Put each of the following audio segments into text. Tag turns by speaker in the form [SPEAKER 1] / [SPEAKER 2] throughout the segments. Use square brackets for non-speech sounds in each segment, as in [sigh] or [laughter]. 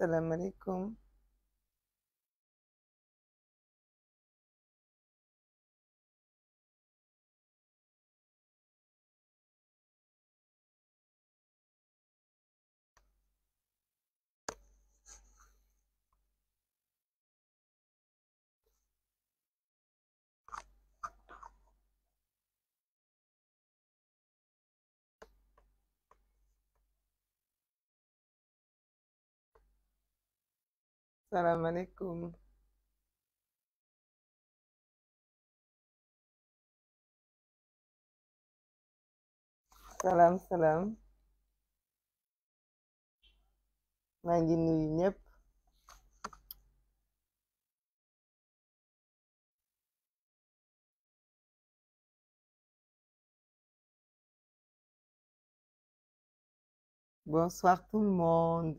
[SPEAKER 1] السلام عليكم Salam alaikum. Salam salam. maa nuyu bonsoir tout le monde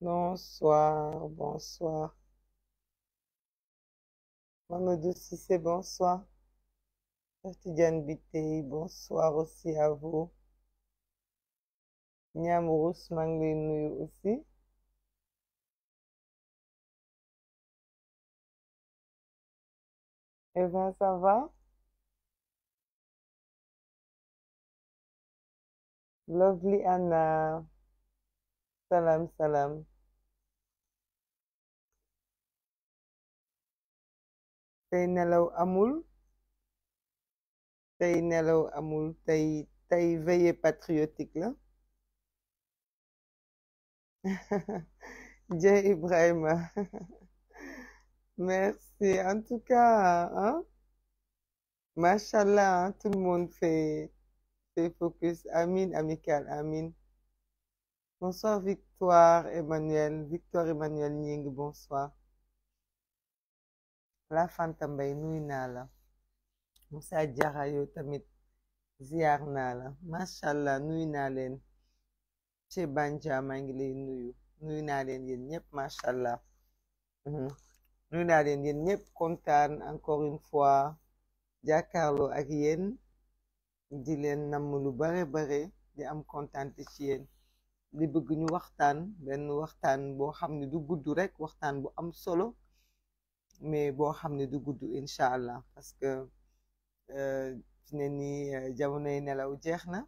[SPEAKER 1] Bonsoir, bonsoir. Mamadou c'est bonsoir. Artidiane Bitei, bonsoir aussi à vous. Niamurus nu aussi. Eh bien, ça va? Lovely Anna. Salam, salam. T'es nelaw amul T'es nelaw amul T'es veillé patriotique là? Dieu Ibrahim. merci en tout cas hein, mashallah, hein, tout le monde fait fait focus Amin, amical amin. Bonsoir Victoire Emmanuel. Victoire Emmanuel Nying, bonsoir. La Fanta Mbaye nuyu naa la. Moussa Diarra yow tamit ziar naa la macha allah nuyu naa leen. Che Banja maa ngi lay nuyu nuyu naa leen yéen ñëpp macha allah. Mhm. nuyu naa leen yéen ñëpp kontaan encore une fois ak yeen di leen nam lu bare bare di am kontaan ci yéen. di bëgguñu waxtaan benn waxtaan boo xam ne du gudd rek waxtaan bu am solo mais boo xam ne du gudd incha allah parce que euh, fi ne nii euh, jamonoy nelaw jeex na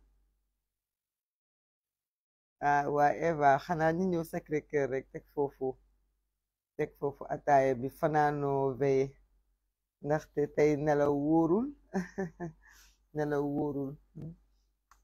[SPEAKER 1] ah waa Eva xanaa ñu ñëw Sacré rek teg foofu teg foofu ataaya bi fanaanoo veye ndaxte tey nelaw wóorul [laughs] nelaw wóorul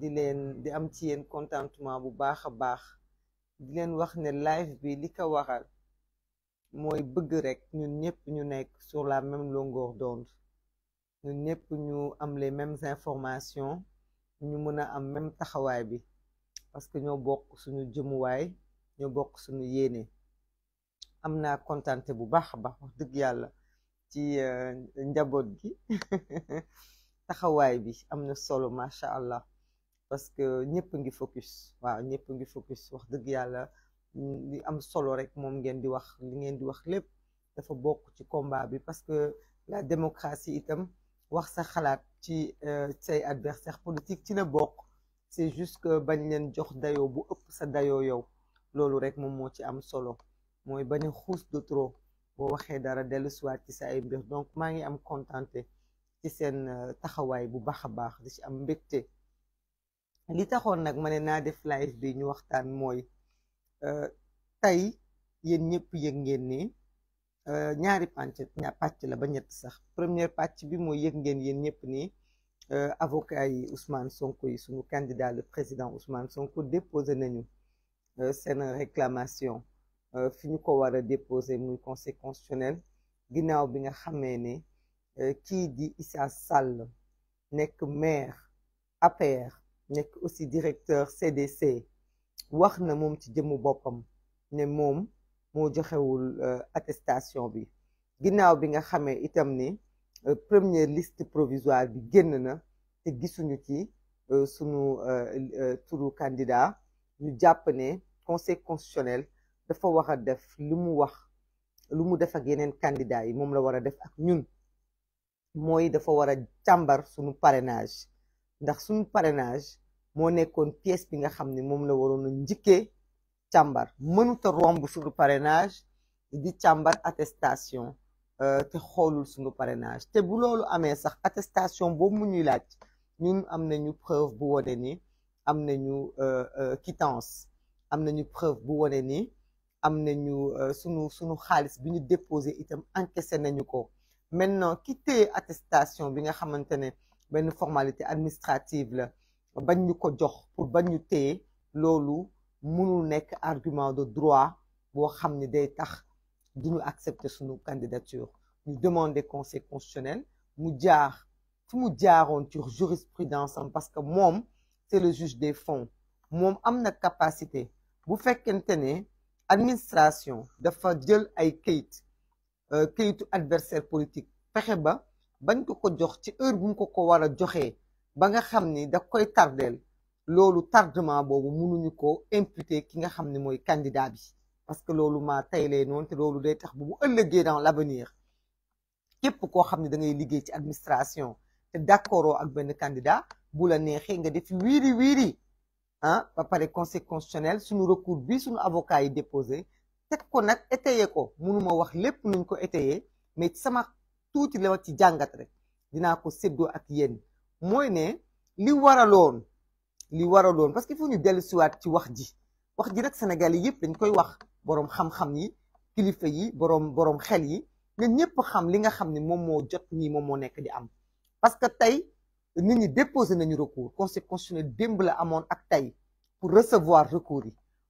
[SPEAKER 1] dilen di am ci yéen contentement bu baax a baax di wax ne live bi li ko waral moy bëgg rek ñun ñëpp ñu nekk sur la même longueur d'onde ñun ñëpp ñu am les mêmes informations ñu mëna am même taxaway bi parce que ñoo bokk suñu way ñoo bokk suñu yéene amna contenté bu baax a baax wax dëgg yàlla ci euh, njaboot gi [laughs] taxawaay bi am na solo macha allah parce que ñepp ngi focus waaw ñepp ngi focus wax dëgg li am solo rek mom ngeen di wax li ngeen di wax lepp combat parce que la démocratie itam wax sa xalaat ci euh, say adversaire politique ci c'est juste que bañ jox dayo bu upp sa dayo yow lolu rek mom ci am solo moy bañ de trop bo waxe dara un ci donc ma ngi am contenté ci sen euh, taxaway bu baxa di ci am li taxone nak ma ne def live bi ñu waxtaan euh tay yeen ñepp yëg ngeen ni euh, ñaari pàcc patch la ba ñett sax première patch bi moy yëg ngeen yeen ñepp ni euh, avocat yi Ousmane Sonko yi suñu candidat le président Ousmane Sonko déposé nañu euh, sen réclamation fi ñu ko wara déposer déposé muy conseil constitutionnel ginaaw bi nga xamee ne ki di Issa Sall nek maire APR nek aussi directeur CDC wax na ci jëm bopam né mom mo joxewul euh, attestation bi ginnaw bi nga itam euh, première liste provisoire bi génn na te ci euh, sunu turu candidat ñu conseil constitutionnel dafa a def limu wax limu def ak candidat yi mom la a def ak ñun moy parrainage ndax suñu parrainage moo nekkoon pièce bi nga xam ne moom la waroon a njëkkee càmbar mënut a romb suñu parrainage di càmbar attestation euh, te xoolul suñu parrainage te bu loolu amee sax attestation boobu mu ñuy laaj ñun am nañu preuve bu wone ni am nañu euh, euh, quittance am nañu preuve bu wone ni am nañu suñu sunu xaalis bi ñu déposé itam encaissé nañu ko maintenant qui téye attestation bi nga xamante ne une formalité administrative bañ ñu ko jox pour bañ ñu téé lolu argument de droit pour xamni day tax accepter suñu candidature ñu demander conseil constitutionnel mu jaar fi mu jaaroon jurisprudence parce que nous, c'est le juge des fonds Nous avons capacité bu fekkente ne administration dafa jël ay kayit euh, kayitu adversaire politique fexé ba bañ ko ko jox ci heure bu mu ko ko war a ba nga xamni ni da koy tardel lolu tardement boobu mënuñu ko imputer ki nga xamni moy candidat bi parce que lolu ma taylé non, té lolu day tax bu mu dans l'avenir képp ko xamni ne da ngay liggéey ci administration té d'accord ak ben candidat bu la nexé nga def wiri wiri hein ah, ba paré conseil constitutionnel suñu recours bi suñu avocat yi déposé teg ko nak étayé ko ma wax lépp nuñ ko étayé mais ci sama tout le monde, jàngat rek dina ko ak ne li li parce que faut ñu ci wat ci wax ji wax ji rek sénégalais yépp dañ koy wax borom xam-xam yi xel yi xam li nga xam jot di am parce que tay nit ñi déposé nañu recours conseil constitutionnel pour recevoir recours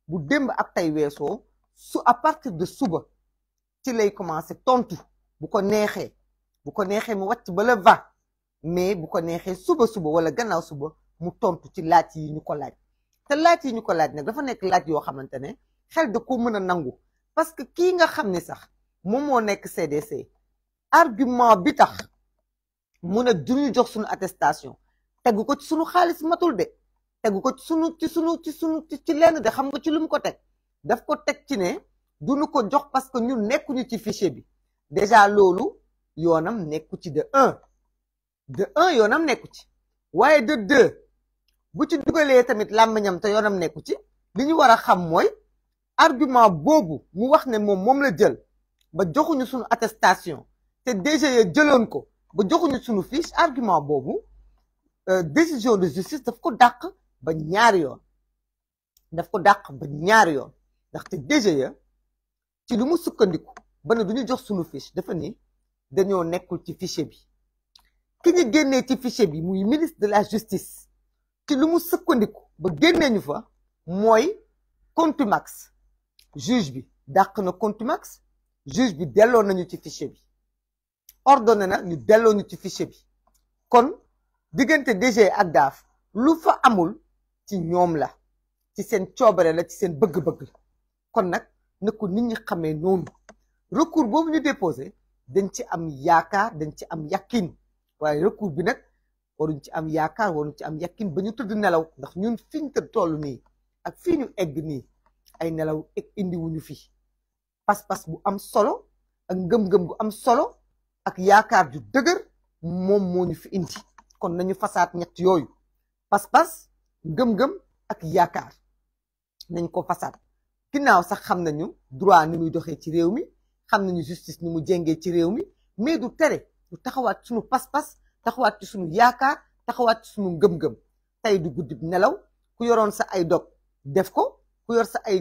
[SPEAKER 1] bu demb ak à partir de suba ci lay commencé tontu bu ko bu ko neexee mu wàcc ba le vingt mais bu ko neexee suba suba wala gannaaw suba mu tontu ci laaj yi ñu ko laaj te laaj yi ñu ko laaj nag dafa nekk laaj yoo xamante ne xel da ko mën a nangu parce que kii nga xam ni sax moom moo nekk CDC argument bi tax mu ne du ñu jox suñu attestation tegu ko ci suñu xaalis matul de tegu ko ci sunu ci sunu ci sunu ci lenn de xam nga ci lu mu ko teg daf ko teg ci ne duñu ko jox parce que ñun nekkuñu ci fichier bi déjà loolu yoonam nekku ci de un de un yoonam nekku ci waaye de deux bu ci dugalee tamit làmmiñam te yoonam nekku ci li ñu war a xam mooy argument boobu mu wax ne moom moom la jël ba joxuñu suñu attestation te DGE jëloon ko ba joxuñu sunu fiche argument boobu euh, décision de justice daf ko dàq ba ñaari yoon daf ko dàq ba ñaari yoon ndaxte DGE ci lu mu sukkandiku ba ne du ñu jox sunu fiche dafa ni dañoo nekkul ci fichier bi ki ci fichier ministre de la justice ci lu mu sëkkandiku ba génnee ñu fa mooy contumax juge bi dàq na max, juge bi delloo nañu ci fichier bi ordonné na ñu delloo ci fichier bi kon diggante DG ak DAF lu fa amul ci ñoom la ci seen coobare la ci seen bëgg-bëgg kon dañ ci am yaakaar dañ ci am yàkkin waaye recours bi nag waruñ ci am yaakaar waruñ ci am yàkkin ba ñu tëdd nelaw ndax ñun fiñ tëdd toll nii ak fii ñu egg nii ay nelaw eg indi wuñu fi pas-pas bu am solo ak ngëm-ngëm am solo ak yaakaar ju dëgër moom moo ñu fi indi kon nañu fasaat ñetti yooyu pas-pas ngëm-ngëm ak yaakaar nañ ko fasaat ginnaaw sax xam nañu droit ni muy doxee ci réew mi xam nañu justice ni mu jengé ci réew mi mais du téré du taxawat suñu pas-pas taxawat ci suñu yaakaar taxawat ci suñu ngëm-ngëm tay du guddib nelaw ku yoron sa ay dog def ko ku yor sa ay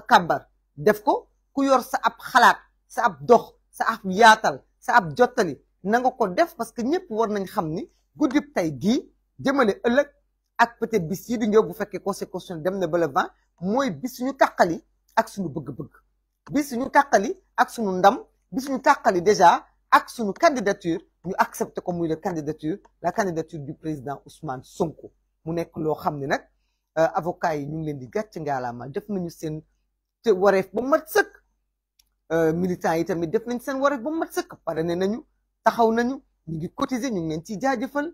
[SPEAKER 1] akabar def ko ku yor sa ab xalaat sa ab dox sa ab yaatal sa ab jotali na nga ko def parce que ñepp war nañ xam ni guddib tay gi jëmele ëlëk ak peut-être bis yi di bu fekkee conséquence dem na ba le vent moy bis suñu takali ak suñu bëgg-bëgg bis suñu takali ak Dam, ndam bi takali déjà ak candidature ñu accepté comme muy la candidature la candidature du président Ousmane Sonko mu nek lo xamni nak euh, avocat yi ñu ngi leen di gatch ngaalaamal def nañu seen te waref bu mat euh militant yi tamit def nañu seen wareef bu mat sëkk pare nañu taxaw nañu ñu ngi cotiser ñu ngi leen ci jaajeufal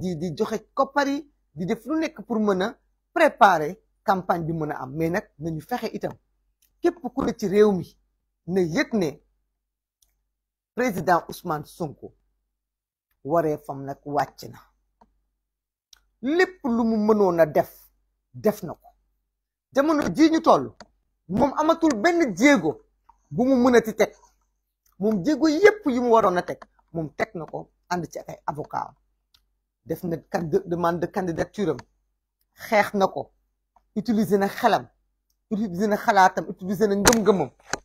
[SPEAKER 1] di di joxe copari, di def lu nek pour mën préparer campagne bi mën am mais nak nañu fexé itam képp ku ci réew mi na yëg ne président Ousmane Sonko waree fam nag wàcc na lépp lu mu mënoon a def def na ko jamono jii ñu toll moom amatul benn jéego bu mu mënati teg moom jéego yépp yi mu waroon a teg moom teg na ko ànd ci ay avocat def na demande de candidature am xeex na ko utiliser na xelam utiliser na xalaatam utiliser na ngëm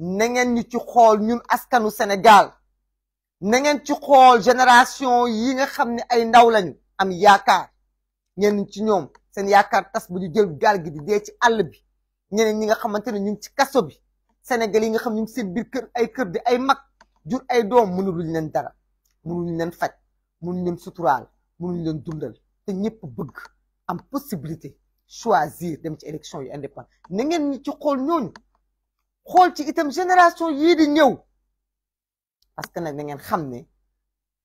[SPEAKER 1] na ngeen ñu ci xool ñun askanu Sénégal na ngeen ci xool génération yi nga xam ne ay ndaw lañu am yaakaar ñenn ci ñoom seen yaakaar tas bu ñu jël gaal gi di dee ci àll bi ñeneen ñi nga xamante ne ñu ngi ci kaso bi Sénégal yi nga xam ñu ngi seen biir kër ay kër di ay mag jur ay doom mënuluñ leen dara mënuluñ leen faj mënuñ leen suturaal mënuñ leen dundal te ñëpp bëgg am possibilité choisir dem ci élection yu indépendant na ngeen ñi ci xool ñooñu ci génération di parce que nous, avons ngeen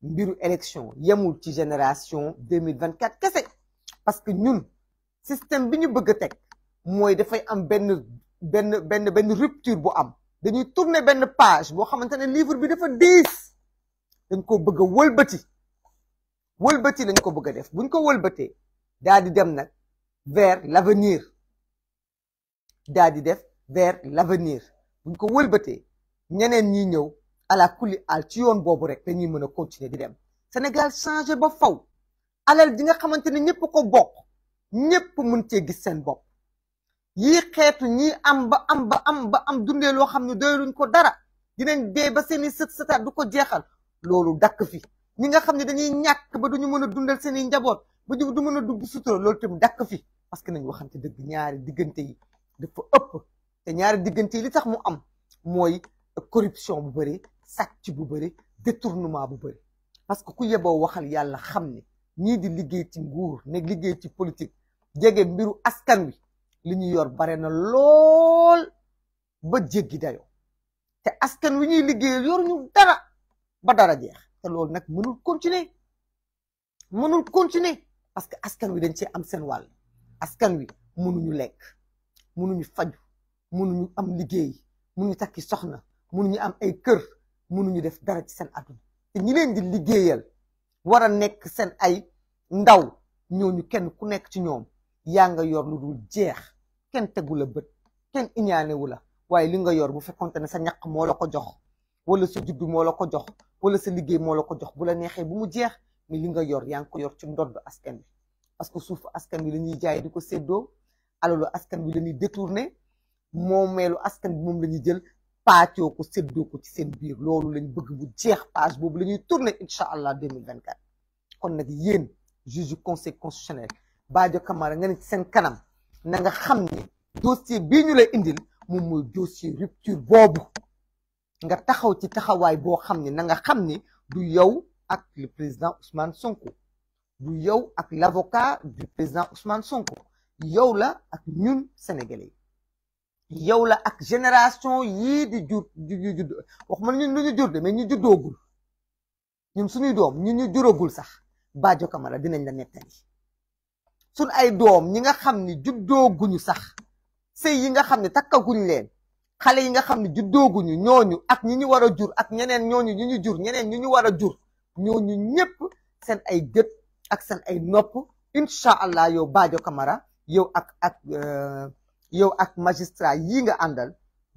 [SPEAKER 1] mbiru élection yemul ci génération 2024. parce que ñun système bi ñu bëgg teg rupture bu am dañuy tourner page livre bi dafa dañ ko bëgg lañ ko bëgg def buñ ko vers l'avenir Nous di def vers l'avenir buñ ko wëlbatee ñeneen ñi ñëw ala kulli al ci yoon boobu rek da dañuy mën a continuer di dem Sénégal changé ba faw alal di nga xamante ne ñëpp ko bokk ñëpp mun cee gis seen bopp yii xeetu ñii am ba am ba am ba am dundee loo xam ne doyaluñ ko dara dinañ dee ba seeni sët sëtaat du ko jeexal loolu dakk fi ñi nga xam ne dañuy ñàkk ba du ñu mën a dundal seeni njaboot ba du mën a dugg sutura loolu tam dakk fi parce que nañ waxante dëgg ñaari diggante yi dafa ëpp te ñaari diggante yi li tax mu am mooy corruption bu bëri sàcc bu bëri détournement bu bëri parce que ku yeboo waxal yàlla xam ne ñii di liggéey ci nguur nekk liggéey ci politique jege mbiru askan wi li ñu yor bare na lool ba jéggi dayoo te askan wi ñuy liggéey yoruñu dara ba dara jeex te loolu nag mënul continuer mënul continuer parce que askan wi dañ cee am seen wàll askan wi mënuñu lekk mënuñu faj mënuñu am liggéey mënuñu takki soxna ñu am ay kër munu ñu def dara ci seen àdduna te ñi leen di liggéeyal war a nekk seen ay ndaw ñu kenn ku nekk ci ñoom yaa nga yor lu dul jeex kenn tegu la bët kenn iñaanewu la waaye li nga yor bu fekkonte ne sa ñaq moo la ko jox wala sa juddu moo la ko jox wala sa liggéey moo la ko jox bu la neexee bu mu jeex mais li nga yor yaa ngi ko yor ci ndodd askan bi parce que suufu askan bi lañuy jaay di ko séddoo alalu askan bi la ñuy momelu askan bi moom la jël paacoo ko séddoo ko ci seen biir loolu lañ bëgg bu jeex page bobu lañuy tourner tourné 2024 kon nak yeen juge conseil constitutionnel Badio Camara nga ne ci seen kanam na nga xamni dossier bi ñu lay indil moom moy dossier rupture bobu nga taxaw ci taxaway bo xamni na nga xamni du yow ak le président Ousmane Sonko du yow ak l'avocat du président Ousmane Sonko yow la ak ñun sénégalais yow la ak génération yii di jur di judd wax ma ñun lu ñu jur de mais ñu juddoogul ñun suñuy doom ñu ñu juragul sax Badio Camara dinañ la nettali sun ay doom ñi nga xam ni juddooguñu sax sëy yi nga xam ne takkaguñ leen xale yi nga xam ne juddooguñu ñooñu ak ñi ñu war a jur ak ñeneen ñooñu ñu ñu jur ñeneen ñu ñu war a jur ñu ñépp seen ay gët ak seen ay nopp incha allah yow Badio kamara yow ak ak euh, yow ak magistrat yi nga àndal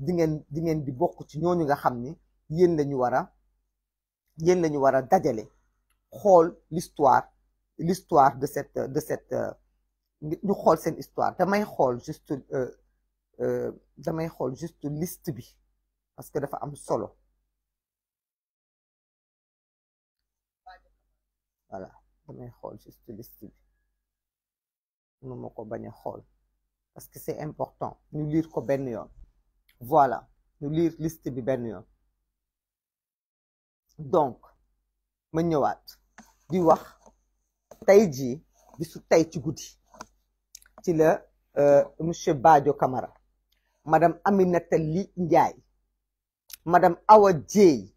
[SPEAKER 1] di dingeen di bokk ci ñooñu nga xam ni yéen lañu war a yéen lañu war a dajale xool l'histoire l'histoire de cette de cette ñu xool seen histoire damay xool juste euh, euh, damay xool juste liste bi parce que dafa am solo voilà damay xool juste liste bi mënuma ko bañ a xool parce que c'est important nous lire ko ben voilà nous lire liste bi donc ma ñëwaat di wax bisu euh, monsieur Badio madame Aminata Li Ndiaye madame Awa Dieye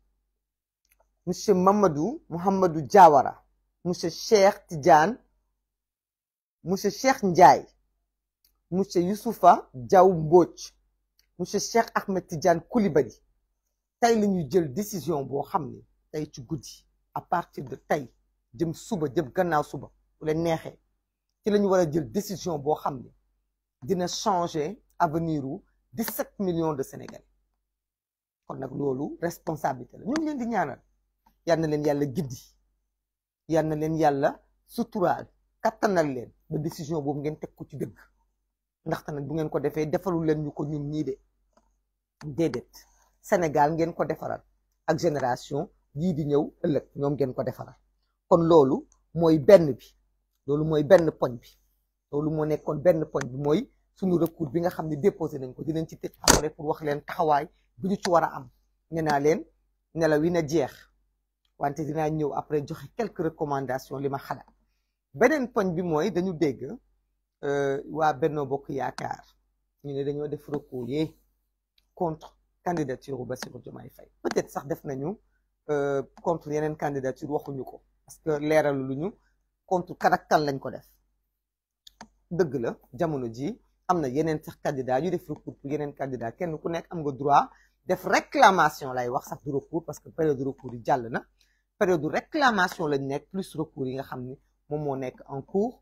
[SPEAKER 1] monsieur Mamadou Mouhamadou Jawara, monsieur Cheikh Tidiane monsieur Cheikh Ndiaye monsieur Youssoufa Djaou monsieur Cheikh Ahmed Tidiane Koulibaly tey nous pris décision pour savoir à partir de tey jëm suba jëm de bu la décision de changer l'avenir de 17 millions de Sénégalais kon une responsabilité la ñu ngi leen di ñaanal nous, na leen giddi na leen nous, ndax tamit bu ngeen ko defee defalu leen ñu ko ñun ñii de déedéet Sénégal ngeen ko defaral ak génération yii di ñëw ëllëg ñoom ngeen ko defaral kon loolu mooy benn bi loolu mooy benn poñ bi loolu moo nekkoon benn poñ bi mooy suñu recours bi nga xam ne déposé nañ ko dinañ ci tëj après pour wax leen taxawaay bi ñu ci war a am nee leen nelaw yi na jeex wante dinaa ñëw après joxe quelques recommandations li ma xalaat beneen poñ bi mooy dañu dégg Euh, wa Benno Bokk yaakar ñu né dañoo def recours contre candidature u Bassirou Diomaye Faye peut-être sax def nañu euh, contre yenen candidature waxuñu ko parce que leeralu lu contre caractère lañ ko def deug la jamono ji amna yenen sax candidat yu def recours pour yenen candidat kenn ku nekk am nga droit def réclamation lay wax sax du recours parce que période de recours yi jall na période de réclamation lañ nekk plus recours yi nga xamni ni nekk en cours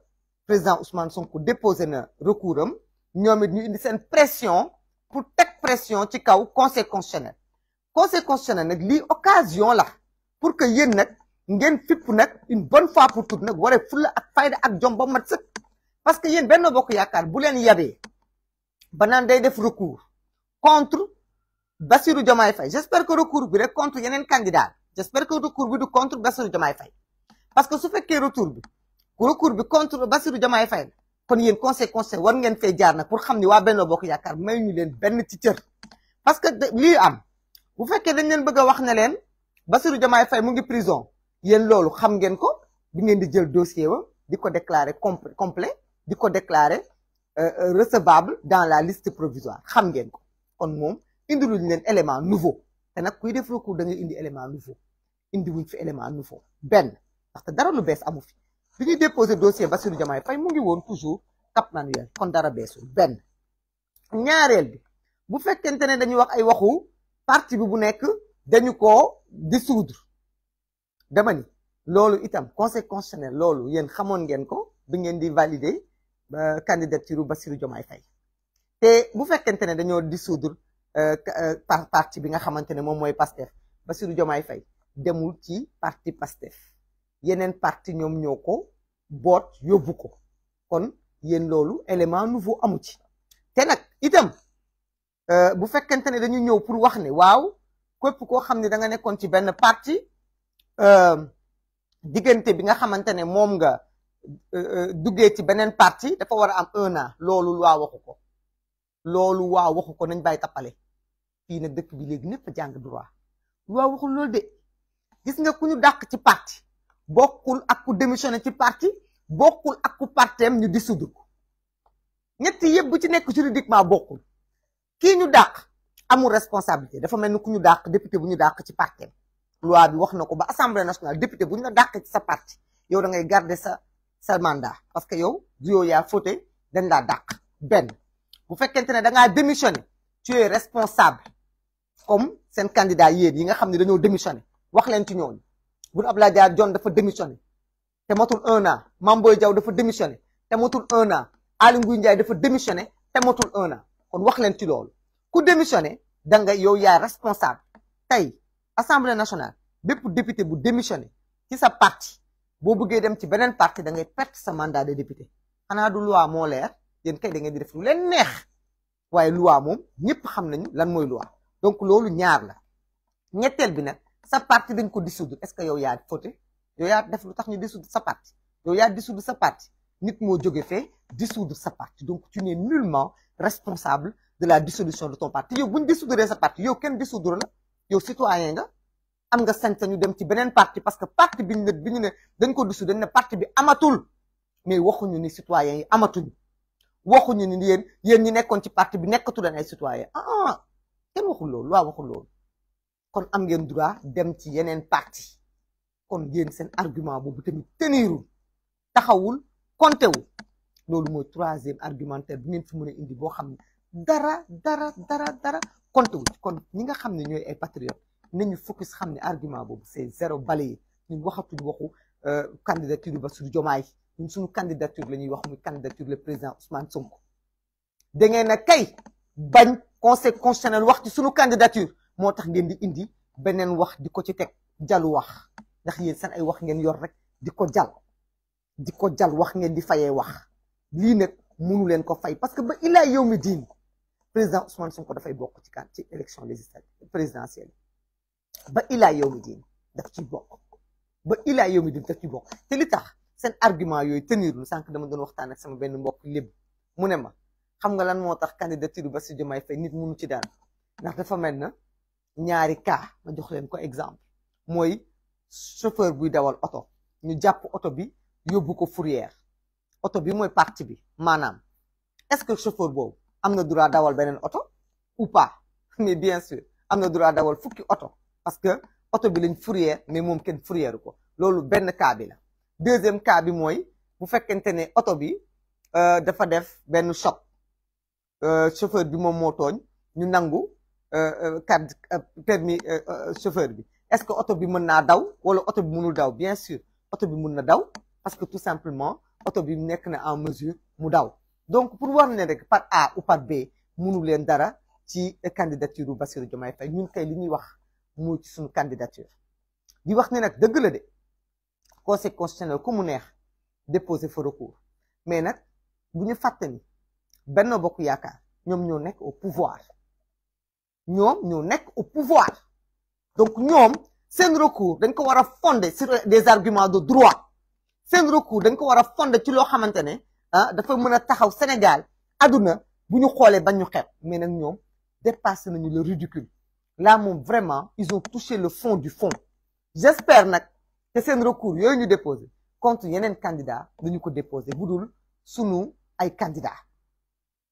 [SPEAKER 1] président Ousmane Sonko déposé un recours nous avons une ñu indi pression pour cette pression ci kaw conseil constitutionnel conseil constitutionnel nag occasion la pour que yéen nag fipp une bonne fois pour toutes nag que fulla ak fayda ak jom ba mat parce que vous Benno Bokk Yaakaar bu leen yabee ba naan day def recours contre Bassirou Diomaye Faye j'espère que recours bi rek contre un candidat j'espère que recours bi contre Bassirou Diomaye Faye parce que su fait qu'il bi recours bi contre Bassirou Diomaye Faye kon yeen conseil conseil war ngeen fee jaar nak pour xamni wa Benno Bokk Yaakaar may ñu leen benn ci cër parce que li am bu fekke dañ leen bëgg wax ne leen Bassirou Diomaye Faye mu ngi prison yeen lolu xam ngeen ko bi ngeen di jël dossier wa diko déclarer complet diko ko déclarer euh, euh, recevable dans la liste provisoire xam ngeen ko kon moom indiluñ leen élément nouveau te nak kuy def recours da nga indi élément nouveau indi wuñ fi élément nouveau benn ndaxte dara lu bees amu fi bi ñuy déposé dossier Bassirou Diomaye Faye mu ngi woon toujours Cap Manuel kon dara beesul benn ñaareel bi bu fekkente ne dañuy wax ay waxu parti bi bu nekk dañu ko dissoudre dama ni loolu itam conseil constitutionnel loolu yéen xamoon ngeen ko bi ngeen di valider euh, candidature Bassirou Diomaye Faye te bu fekkente ne dañoo dissoudre euh, euh, par parti bi nga xamante ne moom mooy Pastef Bassirou Diomaye fay demul ci parti Pastef yeneen parti ñoom ñëw ko boot yóbbu ko kon yéen loolu élément nouveau amu ci te nag itam euh, bu fekkente ne dañu ñëw pour wax ne waaw képp koo xam ne da nga nekkoon ci benn parti euh, diggante bi nga xamante ne moom nga euh, duggee ci beneen parti dafa war a am un an loolu waa waxu ko loolu waa waxu ko nañ bàyyi tappale fii nag dëkk bi léegi ñëpp jàng droit waa waxul loolu de gis nga ku ñu dàq ci parti bokkul ak ku démissionné ci parti bokkul ak ku partem ñu dissoudre ko ñetti yëpp bu ci nekk juridiquement bokkul kii ñu dàq amul responsable dafa mel ni ku ñu dàq député bu ñu dàq ci partem loi bi wax na ko ba assemblée nationale député bu ñu la dàq ci sa parti yow dangay ngay sa sa mandat parce que yow du yow yaa fauté dañ laa dàq benn bu fekkente ne da ngaa démissionné tu es responsable comme seen candidat yéen yi nga xam ne dañoo démissionné wax leen ci ñooñu Boun Abdallah Dia Dionne dafa démissionné te matul un an Mame Boye Diaw dafa démissionné te matul un an Aly Ngouille dafa démissionné te matul un an kon wax leen ci loolu ku démissionné dangay nga yow yaa responsable tey assemblée nationale bépp député bu démissionné ci sa parti boo bëggee dem ci beneen parti da ngay perte sa mandat de député xanaa du loi moo leer yéen kay da ngeen di def lu leen neex waaye loi moom ñëpp xam nañu lan mooy loi donc loolu ñaar la ñetteel bi nag. sa parti dañ ko dissoudre est-ce que yow yaa foté yow yaa def lutax ñu dissoudre sa parti yow yaa dissoudre sa parti nit moo jóge fee dissoudre sa parti donc tu n'es nullement responsable de la dissolution de ton parti yow buñ ñu dissoudre sa parti yow kenn dissoudre la yow citoyen nga am nga sañ ñu dem ci beneen parti parce que parti bi ñu ne bi ñu ne dañ ko dissoudre ne parti bi amatul mais waxuñu ni citoyen yi amatuñ waxuñu ni yéen yéen ñi nekkoon ci parti bi nekkatu leen ay citoyen ah ah kenn waxul loolu waxul loolu kon am ngeen droit dem ci yenen parti kon ngeen sen argument bobu tamit troisième argumentaire bi ngeen dara dara dara dara compté kon ñi nga patriotes focus argument bobu c'est zéro balayé ñu waxatuñu waxu euh, candidature suñu candidature candidature le président Ousmane kay candidature motax ngeen di indi benen wax di ko ci tek jalu wax ndax yeen seen ay wax ngeen yor rek di ko jal di ko jal wax ngeen di fayé wax li nag munu len ko fay parce que ba ila yow mi président Ousmane Sonko fay bok ci kan ci élection législative présidentielle ba ila yow mi ci bok ba ila yow mi ci bok té li tax sen argument tenir lu sank dama doon waxtan ak sama benn mbokk lépp munema xam nga lan motax candidature Bassirou jomay Faye nit munu ci dal ndax dafa melna ñaari cas ma jox leen ko exemple mooy chauffeur buy dawal oto ñu jàpp oto bi yóbbu ko fourrière bi mooy bi Manam. est-ce que chauffeur boobu am droit dawal beneen ou pas [laughs] mais bien sûr am na droit dawal parce que oto bi une fourrière mais moom kenn fourrière ko loolu benn cas bi deuxième cas bi mooy bu fekkente ne oto bi euh, dafa def benn choc euh, chauffeur bi moom moo ñu euh, euh, carte euh, permis chauffeur bi est-ce que auto bi mën daw wala auto bi mënul daw bien sûr auto bi mën na daw parce que tout simplement auto bi nek na en mesure mu daw donc pour voir ne rek par A ou par B mënu len dara ci candidature bu Bassirou Diomaye Faye ñun kay li ñuy wax mu ci suñu candidature di wax ne nak deug la de conseil constitutionnel ku mu neex déposer fa recours mais nak buñu fatani Benno bokku yaaka ñom ñoo nek au pouvoir nous, sommes au pouvoir donc nous, seen recours dañ ko fondé fonder sur des arguments de droit seen recours dañ ko war a fonder ci loo xamante ah dafa mën taxaw Sénégal aduna bu ñu xoolee bañ ñu xeeb mais nous, ñoom dépassé le ridicule là vraiment ils ont touché le fond du fond j'espère que nous recours yooyu déposé contre un candidat nous ko déposé Nous, dul sunu ay candidat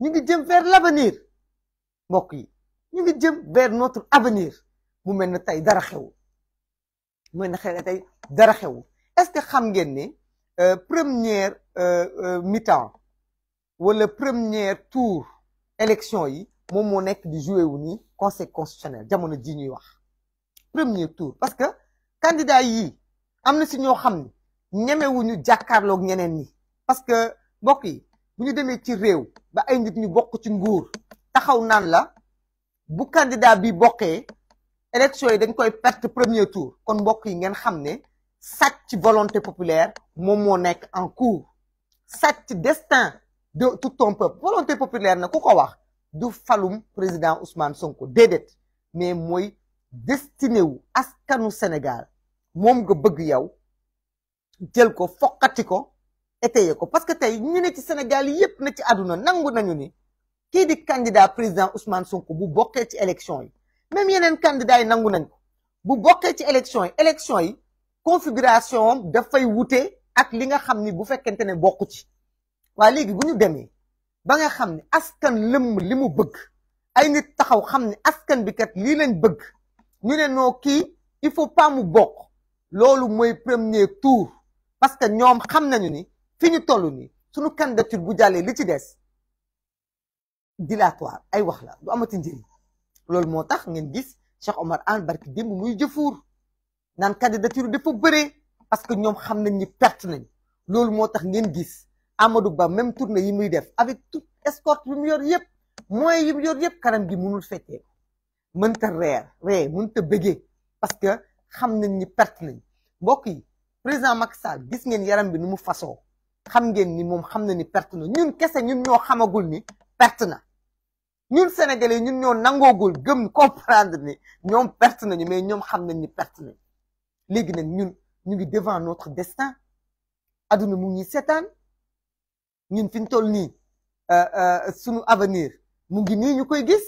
[SPEAKER 1] ñu ngi jëm vers l'avenir mbokk yi ñu ngi jëm vers notre avenir mu mel na tey dara xew mu mel na xëy na dara xew est-ce que xam ngeen ne euh, première euh, euh, mi-temps wala première tour élection yi moom moo nekk di joué wu nii conseil constitutionnel jamono ji ñuy wax premier tour parce que candidat yii am na si ñoo xam ne ñemewuñu jàkkaarloog ñeneen ñi parce que mbokk bu ñu demee ci réew ba ay nit ñu bokk ci nguur taxaw naan la bu candidat bi bokkee élection yi dañ koy perte premier tour kon mbokk yi ngeen xam ne sàcc volonté populaire moom moo nekk en cours sàcc destin de tout un peuple volonté populaire na ku ko wax du falum président Ousmane Sonko déedéet mais mooy destiné wu askanu Sénégal moom nga bëgg yow jël ko foqati ko étayé ko parce que tey ñu ne ci Sénégal yépp na ci àdduna nangu nañu ni kii di candidat président Ousmane Sonko bu bokkee ci élection yi même yeneen candidat yi nangu nañ ko bu bokkee ci élection yi élection yi configuration am dafay wute ak li nga xam ni bu fekkente ne bokku ci waa léegi bu ñu demee ba nga xam ne askan lëmm li mu bëgg ay nit taxaw xam ni askan bi kat lii lañ bëgg ñu ne noo kii il faut pas mu bokk loolu mooy premier tour parce que ñoom xam nañu ni Fini ñu toll sunu candidature bu jàllee li ci des dilatoire ay wax la du amati njëriñ loolu moo ngeen gis Cheikh Omar Anne barki démb muy jëfuur naan candidature dafa bëree parce que ñoom xam nañ ni perte nañ loolu moo ngeen gis Amadou Ba même tournée yi muy def avec toute escorte bi mu yor yëpp moyens yi mu yor yëpp kanam gi mënul fekkee mënta reer ree mënta bëggee parce que xam nañ ni perte nañ yi président Macky Sall gis ngeen yaram bi nu mu xam ngeen ni moom xam na ni perte na ñun kese ñun ñoo xamagul ni perte na ñun sénégalais ñun ñoo nangoogul gëm comprendre ni ñoom perte nañu mais ñoom xam nañ ni perte nañu léegi nag ñun ñu ngi devant notre destin aduna mu ngi seetaan ñun fi ñu toll nii euh, euh, suñu avenir mu ngi nii ñu koy gis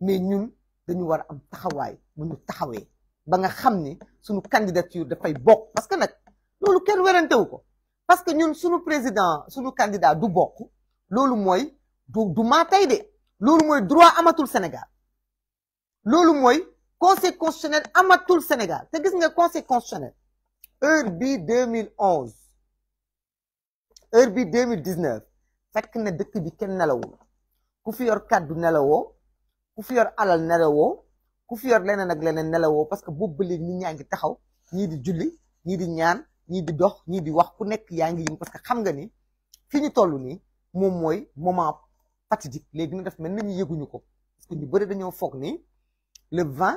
[SPEAKER 1] mais ñun dañu war am taxawaay bu ñu taxawee ba nga xam ni suñu candidature dafay bokk parce que nag loolu kenn werantewu ko parce que ñun suñu président suñu candidat du bokk loolu mooy du du maa tey de loolu mooy droit amatul Sénégal loolu mooy conseil constitutionnel amatul Sénégal te gis nga conseil constitutionnel heure bi 2011 heure bi 2019 fekk na dëkk bi kenn nelawul ku fi yor kàddu nelawoo ku fi yor alal nelawoo ku fiyor yor leneen ak leneen nelawoo parce que boobu ba léegi nit ñaa ngi taxaw ñii di julli ñii di ñaan ñi di dox ñii di wax ku nekk yaa ngi yëngu parce que xam nga ni fi ñu toll nii moom mooy moment fatidique léegi na def mel nañu yëguñu ko parce que ñu bëri dañoo foog ni le vent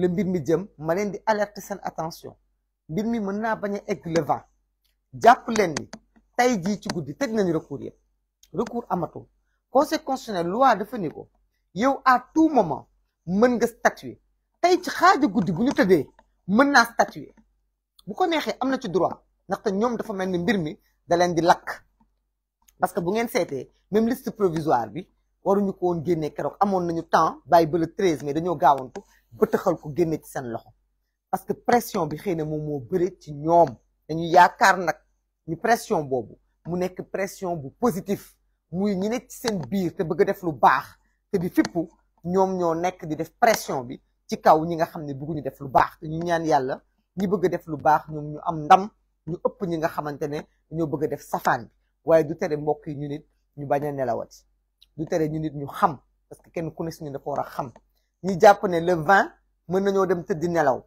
[SPEAKER 1] le mbir mi jëm ma leen di alerte seen attention mbir mi mën naa bañ a egg le vent jàpp leen ni tey jii ci guddi tëj nañu recours yëpp recours amatul conseil constitutionnel loi dafa ni ko yow à tout moment mën nga statuer tey ci xaaju guddi bu ñu tëddee mën naa statuer bu ko neexee am na ci droit ndaxte ñoom dafa mel ni mbir mi da leen di lakk parce que bu ngeen seetee même liste provisoire bi waruñu ko woon génnee keroog amoon nañu temps bàyyi ba le 13 mais dañoo gaawantu bëtëxal ko génne ci seen loxo parce que pression bi xëy na moom moo bëree ci ñoom dañu yaakaar nag ñu pression boobu mu nekk pression bu positif muy ñi nekk ci seen biir te bëgg def lu baax te di fippu ñoom ñoo nekk di def pression bi ci kaw ñi nga xam ne bëgguñu def lu baax te ñu ñaan yàlla ñi bëgg a def lu baax ñoom ñu am ndam ñu ëpp ñi nga xamante ne ñoo bëgg a def safaan bi waaye du tere mbokk yi ñu nit ñu bañ a nelawati du tere ñu nit ñu xam parce que kenn ku ne suñu dafa war a xam ñi jàpp ne le vingt mën nañoo dem tëddi nelaw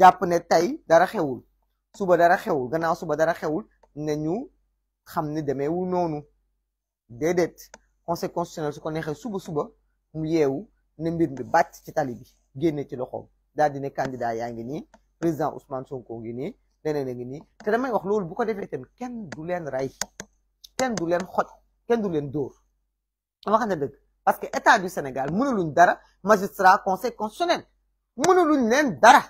[SPEAKER 1] jàpp ne tey dara xewul suba dara xewul gannaaw suba dara xewul ne ñu xam ni demeewul noonu déedéet conseil constitutionnel su ko neexee suba suba mu yeewu ne mbir mi bàcc ci tali bi génne ci loxoom daal di ne yaa ngi nii président Ousmane Sonko ngi nenene leneen té ngi damay wax lolou bu ko défé tam kenn du len ray kenn du len xoj kenn du len dor waxana deug parce que état du Sénégal mënuluñ dara magistrat conseil constitutionnel mënuluñ len dara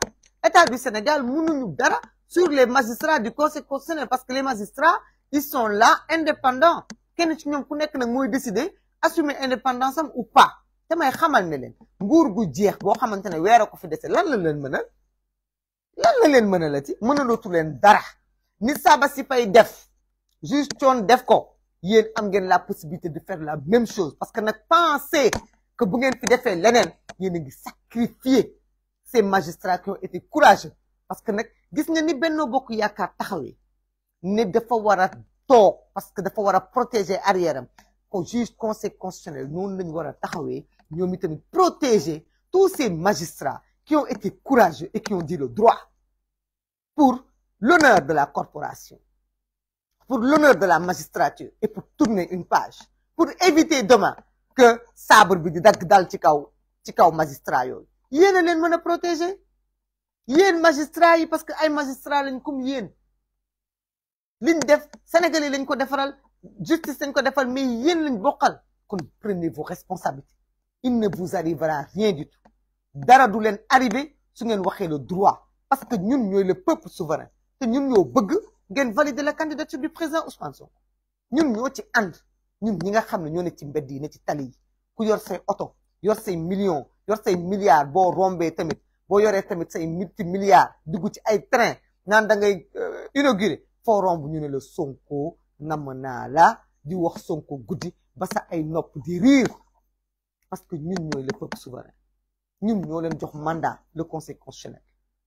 [SPEAKER 1] état du Sénégal mënuñu dara sur les magistrats du conseil constitutionnel parce que les magistrats ils sont là indépendants kenn ci ñom ku nek nak moy décider assumer indépendance am ou pas damay xamal ne len nguur gu jeex bo xamantene wéra ko fi déssé lan la leen mën lan la leen mënalati mënalatu leen dara ni ça, si fay def juste coon def ko yéen am ngeen la possibilité de faire la même chose parce que nag pensez que bu ngeen fi defee leneen yéen a ngi ces magistrats qui ont été courageux parce que nag gis nga ni Benno Bokk Yaakaar taxawee ne dafa war a parce que dafa war protéger arrière am ko juge conseil constitutionnel noonu la ñu war nous taxawee ñoom protéger tous ces magistrats qui ont été courageux et qui ont dit le droit pour l'honneur de la corporation, pour l'honneur de la magistrature et pour tourner une page, pour éviter demain que sabre bi di pas dal ci kaw ci kaw magistrat yooyu yéen a leen a protéger yéen magistrat parce que ay magistrats comme yéen liñ def sénégalais des ko la justice lañ ko mais ils sont bokkal prenez vos responsabilités il ne vous arrivera rien du tout dara arrivé su le droit parce que nous sommes le peuple souverain Nous nous ñoo bëgg valider la candidature du président Ousmane Sonko ñun tali millions yor milliards tamit multi milliards nous ci ay train parce que nous sommes le peuple souverain nous, nous leen jox mandat le conseil constitutionnel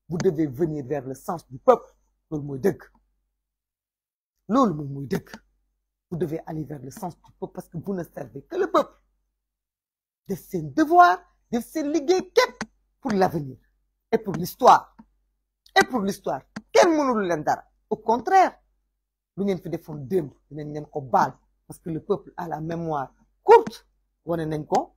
[SPEAKER 1] vous devez venir vers le sens du peuple Vous mooy dëgg loolu vous devez aller vers le sens du peuple parce que vous ne servez que le peuple De ses devoirs, de ses ligues quels pour l'avenir et pour l'histoire et pour l'histoire Quel mënul leen dara au contraire lu ngeen fi defoon démb dinañ leen ko parce que le peuple a la mémoire courte wane nañ ko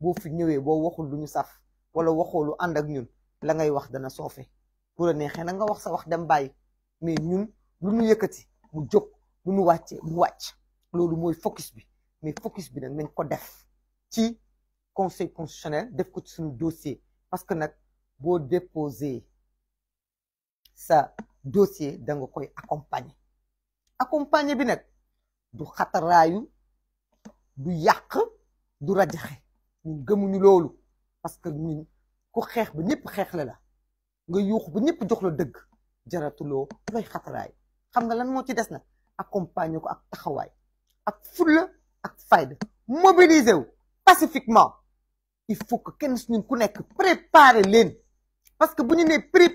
[SPEAKER 1] bon fi ñëwé bo waxul saf wala ak ñun la ngay wax dana nga wax sa wax dem mais ñun focus bi mais focus bi nañ ko def ci conseil constitutionnel def ko dossier parce que nous bo déposé sa dossier da nga koy accompagner accompagner bi du xatarayu du yaq du ñun gëmuñu loolu parce que ñun ku xeex ba ñëpp xeex la la nga yuux ba ñëpp jox la dëgg jaratuloo looy xataraay xam nga lan moo ci des nag accompagner ko ak taxawaay ak fulla ak fayda mobiliser wu pacifiquement il faut que kenn su ñun ku nekk préparer leen parce que bu ñu nee prip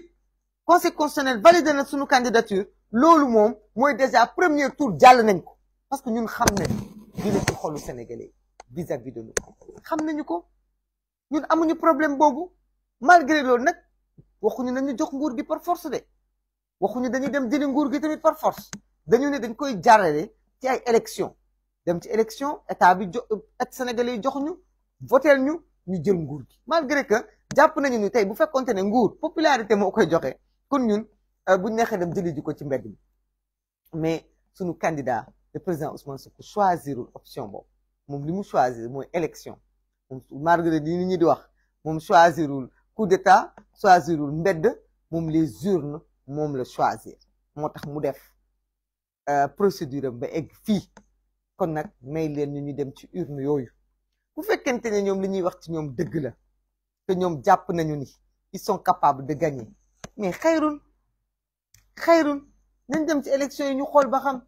[SPEAKER 1] conseil constitutionnel validé na suñu candidature loolu moom mooy déjà premier tour jàll nañ ko parce que ñun xam ne dina ci xolu sénégalais vis-à-vis de nous xam nañu ko ñun amuñu problème bobu malgré loolu nag waxuñu nañu jox nguur gi par force de waxuñu dañuy dem jëli nguur gi tamit par force dañu né dañ koy jaarale ci ay élection dem ci élection état bi jo sénégalais yi voter ñu ñu jël nguur gi malgré que japp nañu ni tay bu fekkonté né nguur popularité mo koy joxé kon ñun euh, buñ neexee dem jëli jiko ci mbedd mais suñu candidat le président Ousmane Sonko choisirul option bobu mom limu choisir moy élection moom malgré ni ñi di wax mom choisirul coup d'état choisirul mbedd mom les urnes mom le choisir motax mu def euh, procédure ba egg fi kon nak may leen ñu ñu dem ci urne yoyu bu fekkente ni ñom li ñi wax ci ñom deug la que ñom japp nañu ni ils sont capables de gagner mais xayrun xayrun nañ dem ci élection ñu xol ba xam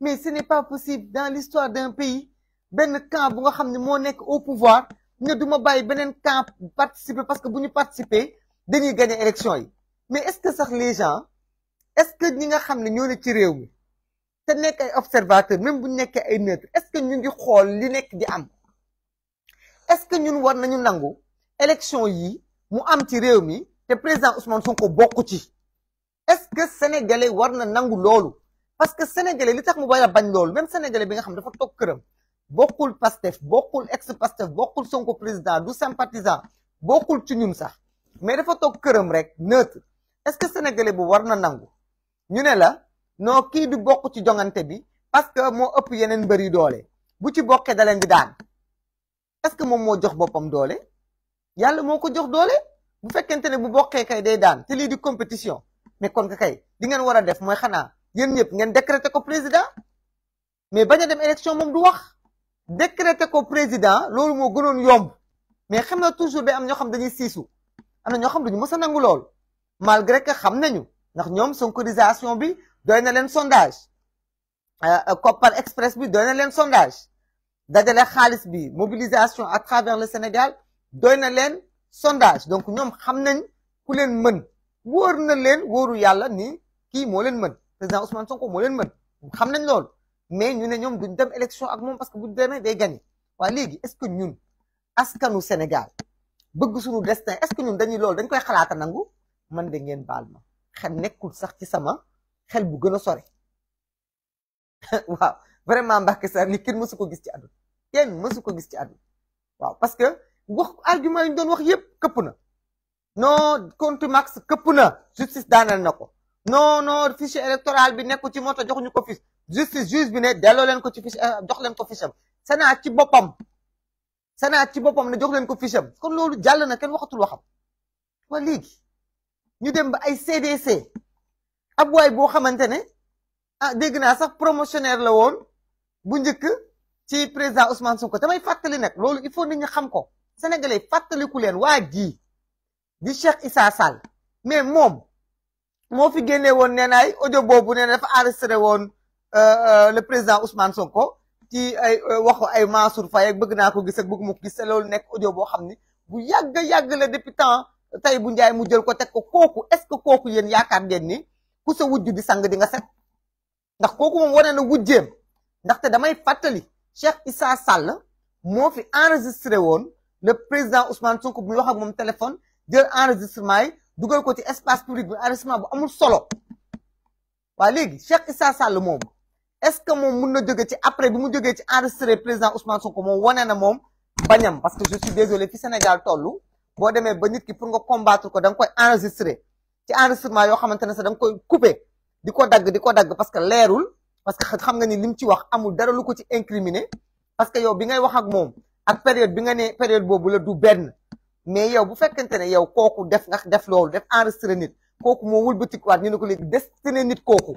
[SPEAKER 1] mais ce n'est pas possible dans l'histoire d'un pays ben camp bu nga xamni mo nek au pouvoir ne duma ma benen camp participer parce que buñu participer dañuy gagner élection yi mais est-ce que sax les gens est-ce que ñi nga xam ñoo ne ci réew mi te nek ay observateur même buñu ñu ay neutre est-ce que ñu ngi xol li nek di am est-ce que ñun war nañu nangu élection yi mu am ci réew mi te président Ousmane Sonko bokku ci est-ce que sénégalais war na nangu lolu parce que sénégalais li tax mu war a bañ lolu même sénégalais bi nga xam dafa tok kërëm bokul pastef bokul ex pastef bokul sonko président du sympathisant bokul ci ñun sax mais dafa tok kërëm rek neut est-ce que sénégalais bu war nangu ñu né la no ki du bokku ci jonganté bi parce que mo ëpp yenen mbër yi doole bu ci bokké dalen di daan est-ce que moom jox bopam doolé yalla moko jox doolé bu fekkenté né bu bokké kay day daan té li di compétition mais kon ka kay di ngeen wara def moy xana yeen ñëpp ngeen décréter ko président mais baña dem élection mom du wax décrété ko président loolu mo gënoon yomb mais xamna toujours bi am ñoo xam dañuy siisu amna na xam duñu mës nangul nangu lool malgré que xam nañu ndax ñoom sonkorisation bi doyna len sondage euh Kopar Express bi doyna len sondage dajale xaalis bi mobilisation à travers le Sénégal doyna len sondage donc ñom xam nañ ku len mën wóor na leen wóoru yàlla ni ki mo len mën président Ousmane Sonko mo len mën xam nañ loolu mais ñu né ñom duñ dem élection ak mom parce que bu demee day gagné wa légui est ce que ñun askanu Sénégal bëgg suñu destin est ce que ñun dañuy lool dañ koy xalaata nangu man de ngeen baal ma xel nekkul sax ci sama xel bu gëna sori sore [laughs] waaw vraiment Mbacké sa ni kenn mësu ko gis ci addu kenn mësu ko gis ci addu waaw parce que wax argument yu ñu doon wax yépp kepp na non compte max kepp na justice daanal nako non non fichier électoral bi nekku ci moto joxuñu ko justice juge bi ne delloo leen ko ci fiche euh, jox leen ko fiche am Sénat ci boppam Sénat ci boppam na jox leen ko fiche am kon loolu jàll na kenn waxatul waxam wa léegi ñu dem ba ay CDC ab waay boo xamante ne ah dégg naa sax promotionnaire la woon bu njëkk ci président Ousmane Sonko damay fàttali nag loolu il faut nit ñi xam ko sénégalais fàttaliku leen waa ji di Cheikh Issa Sall mais moom moo fi génne woon nee naay audio boobu nee na dafa enregistré woon. Euh, euh, le président Ousmane Sonko ci ay euh, waxu ay Mansour Faye ak bëgg naa ko gis ak bëgg mu ko gis loolu nekk audio boo xam ni bu yàgg yàgg la depuis temps tey bu njaay mu jël ko teg ko kooku est-ce que kooku yéen yaakaar ngeen ni ku sa wujj di sang di nga set ndax kooku moom wane na wujjeem ndaxte damay fàttali Cheikh Issa Sall moo fi enregistré woon le président Ousmane Sonko bu ñu wax moom téléphone jël enregistrement yi dugal ko ci espace public bi bu amul solo waa léegi Cheikh Issa Sall moomu est-ce que moom mun na ci après bi mu jógee ci enregistrer président Ousmane Sonko mom wane na moom bañam parce que je suis désolé fi Sénégal tollu bo démé ba nit ki pour nga combattre ko dang koy enregistrer ci enregistrement yo xamantene sa dang koy couper diko dag diko dag parce que leerul parce que xam nga ni lim ci wax amul dara lu ko ci incriminer parce que yow bi ngay wax ak mom ak période bi nga né période bobu la du ben mais yow bu fekkante né yow kooku def nga def lolu def enregistrer nit kooku moo wëlbatikuwaat ñu ne ko léegi destiné nit kooku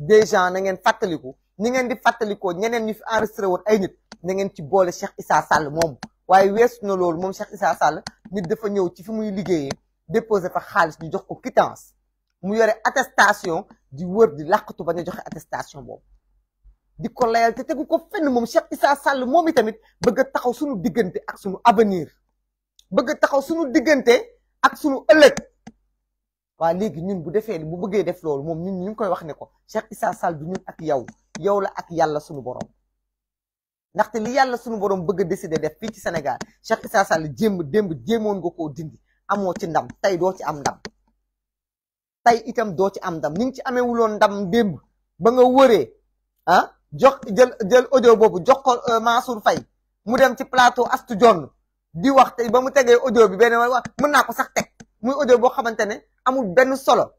[SPEAKER 1] déjà na ngeen fàttaliku ni ngeen di fàttalikoo ñeneen ñu fi enregistré woon ay nit na ngeen ci boole Cheikh Issa Sall moom waaye weesu na loolu moom Cheikh Issa Sall nit dafa ñëw ci fi muy liggéeye déposé fa xaalis ñu jox ko quittance mu yore attestation di wër di làqatu ba ñu joxe attestation boobu di ko layal te tegu ko fenn moom Cheikh Issa Sall moom itamit bëgg a taxaw suñu diggante ak suñu avenir bëgg a taxaw suñu diggante ak suñu ëllëg wa legui ñun bu defee bu bëggé def loolu mom ñun ñu koy wax ne ko Cheikh isa Sall bi ñun ak yow yow la ak yalla suñu borom ndaxte li yalla suñu borom bëgg décidé def fi ci Sénégal Cheikh isa Sall jëm demb jëmon nga ko dindi amo ci ndam tay do ci am ndam tay itam do ci am ndam ni nga ci ameewuloon ndam demb ba nga wëré ah jox jël jël audio bobu jox ko euh, Mansour fay mu dem ci plateau astu jonne di wax tey ba mu téggé audio bi benn wax mëna ko sax muy audio bo amul benn solo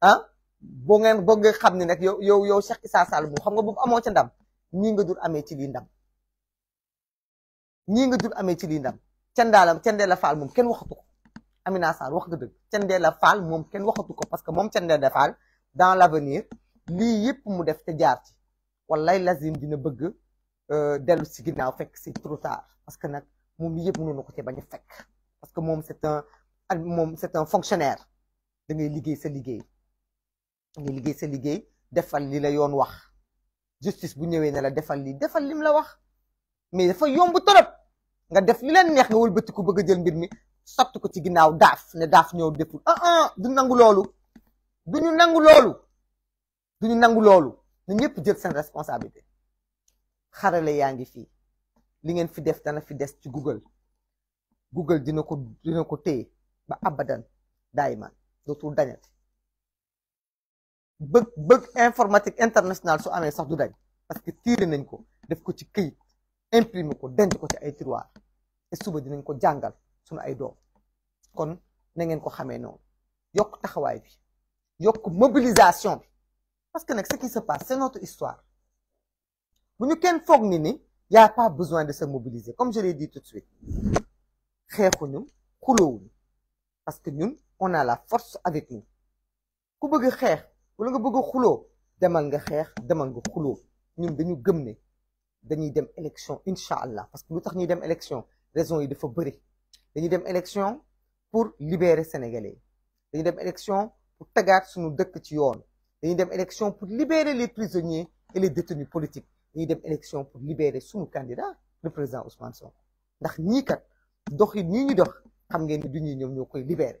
[SPEAKER 1] han bo ngeen bo nge xamni nak yow yow Cheikh isa Sall bu xam nga bu amo ci ndam ñi nga dul amé ci li ndam ñi nga dul amé ci li ndam candaalam candeela fal mom ken waxatu ko Amina sall wax nga dëgg candeela fal mom ken waxatu ko parce que mom moom candeela fal dans l'avenir li yep mu def te jaar ci wallahi lazim dina bëgg euh delu ci ginnaaw fekk ci trop tard parce que nak mom lii yëpp mënu na ko ci bañ fekk parce que mom c'est un mom c'est un fonctionnaire da ngay liggéey sa liggéey da ngay liggéey sa liggéey defal li la yoon wax justice bu ñëwee ne la defal li defal mu la wax mais dafa yomb torop nga def li leen neex nga wëlbati ko bëgg a jël mbir mi sotti ko ci ginnaaw daaf ne daaf ñëw deful ah ah du nangu loolu du ñu nangu loolu du ñu nangu loolu na ñëpp jël seen responsabilité xarale yaa ngi fii li ngeen fi def dana fi des ci Google Google dina ko dina ko téye ba abadan daay man informatique international, su sax du parce que nañ ko def ko ci imprime ko ko ci ay dinañ ko ay kon na ngeen ko mobilisation parce que ce qui se passe c'est notre histoire bu ñu kenn foog ni a pas besoin de se mobiliser comme je l'ai dit tout de suite parce que nous, on a la force avec nous ku bëgg xeex wala nga bëgg a demal nga xeex demal nga xulo. ñun dañu gëm né dañuy dem élection inshallah parce que nous avons ñuy dem élection raison yi dafa bëri dañuy dem élection pour libérer sénégalais dañuy dem élection pour tagat suñu dëkk ci yoon dañuy dem élection pour libérer les prisonniers et les détenus politiques dañuy dem élection pour libérer suñu candidat le président Ousmane Sonko ndax ñi kat dox yi ñu dox xam ngeen ni du ñoom ñokoy libérer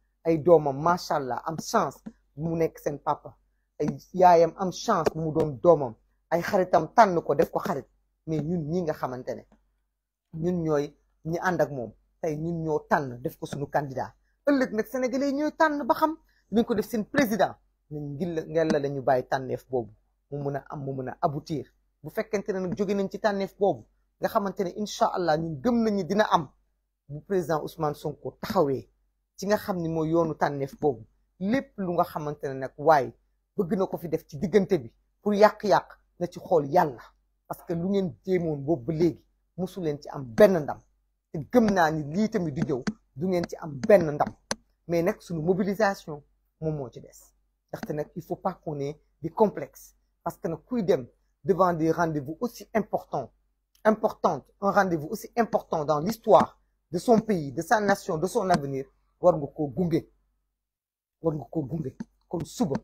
[SPEAKER 1] ay doomam macha allah am chance mu nekk seen papa ay yaayam am chance mu doon doomam ay xaritam tànn ko def ko xarit mais ñun ñi nga xamante ne ñun ñooy ñi ànd ak moom tey ñun ñoo tànn def ko suñu candidat ëllëg nag sénégalais yi ñooy tànn ba xam dinañ ko def seen président nañ ngil ngella la ñu bàyyi tànneef boobu mu mun a am mu mun a aboutir bu fekkente ne nag jóge nañ ci tànneef boobu nga xamante ne incha allah ñun gëm nañu dina am bu président Ousmane Sonko taxawee ci nga xamni ni yoonu tanef bobu lepp lu nga xamantene nak way waaye bëgg na fi def ci diggante bi pour yàq-yàq na ci xol yalla parce que lu ngeen jéemoon bobu ba léegi musu leen ci am ben ndam te gëm naa ni li tammi du ñëw du ngeen ci am ben ndam mais nak suñu mobilisation mom mo ci dess ndaxte nak il faut pas qu'on ait des complexes parce que nak kuy dem devant des rendez-vous aussi importants importante un rendez-vous aussi important dans l'histoire de son pays de sa nation de son avenir war nga koo gunge war nga koo gunge kon suba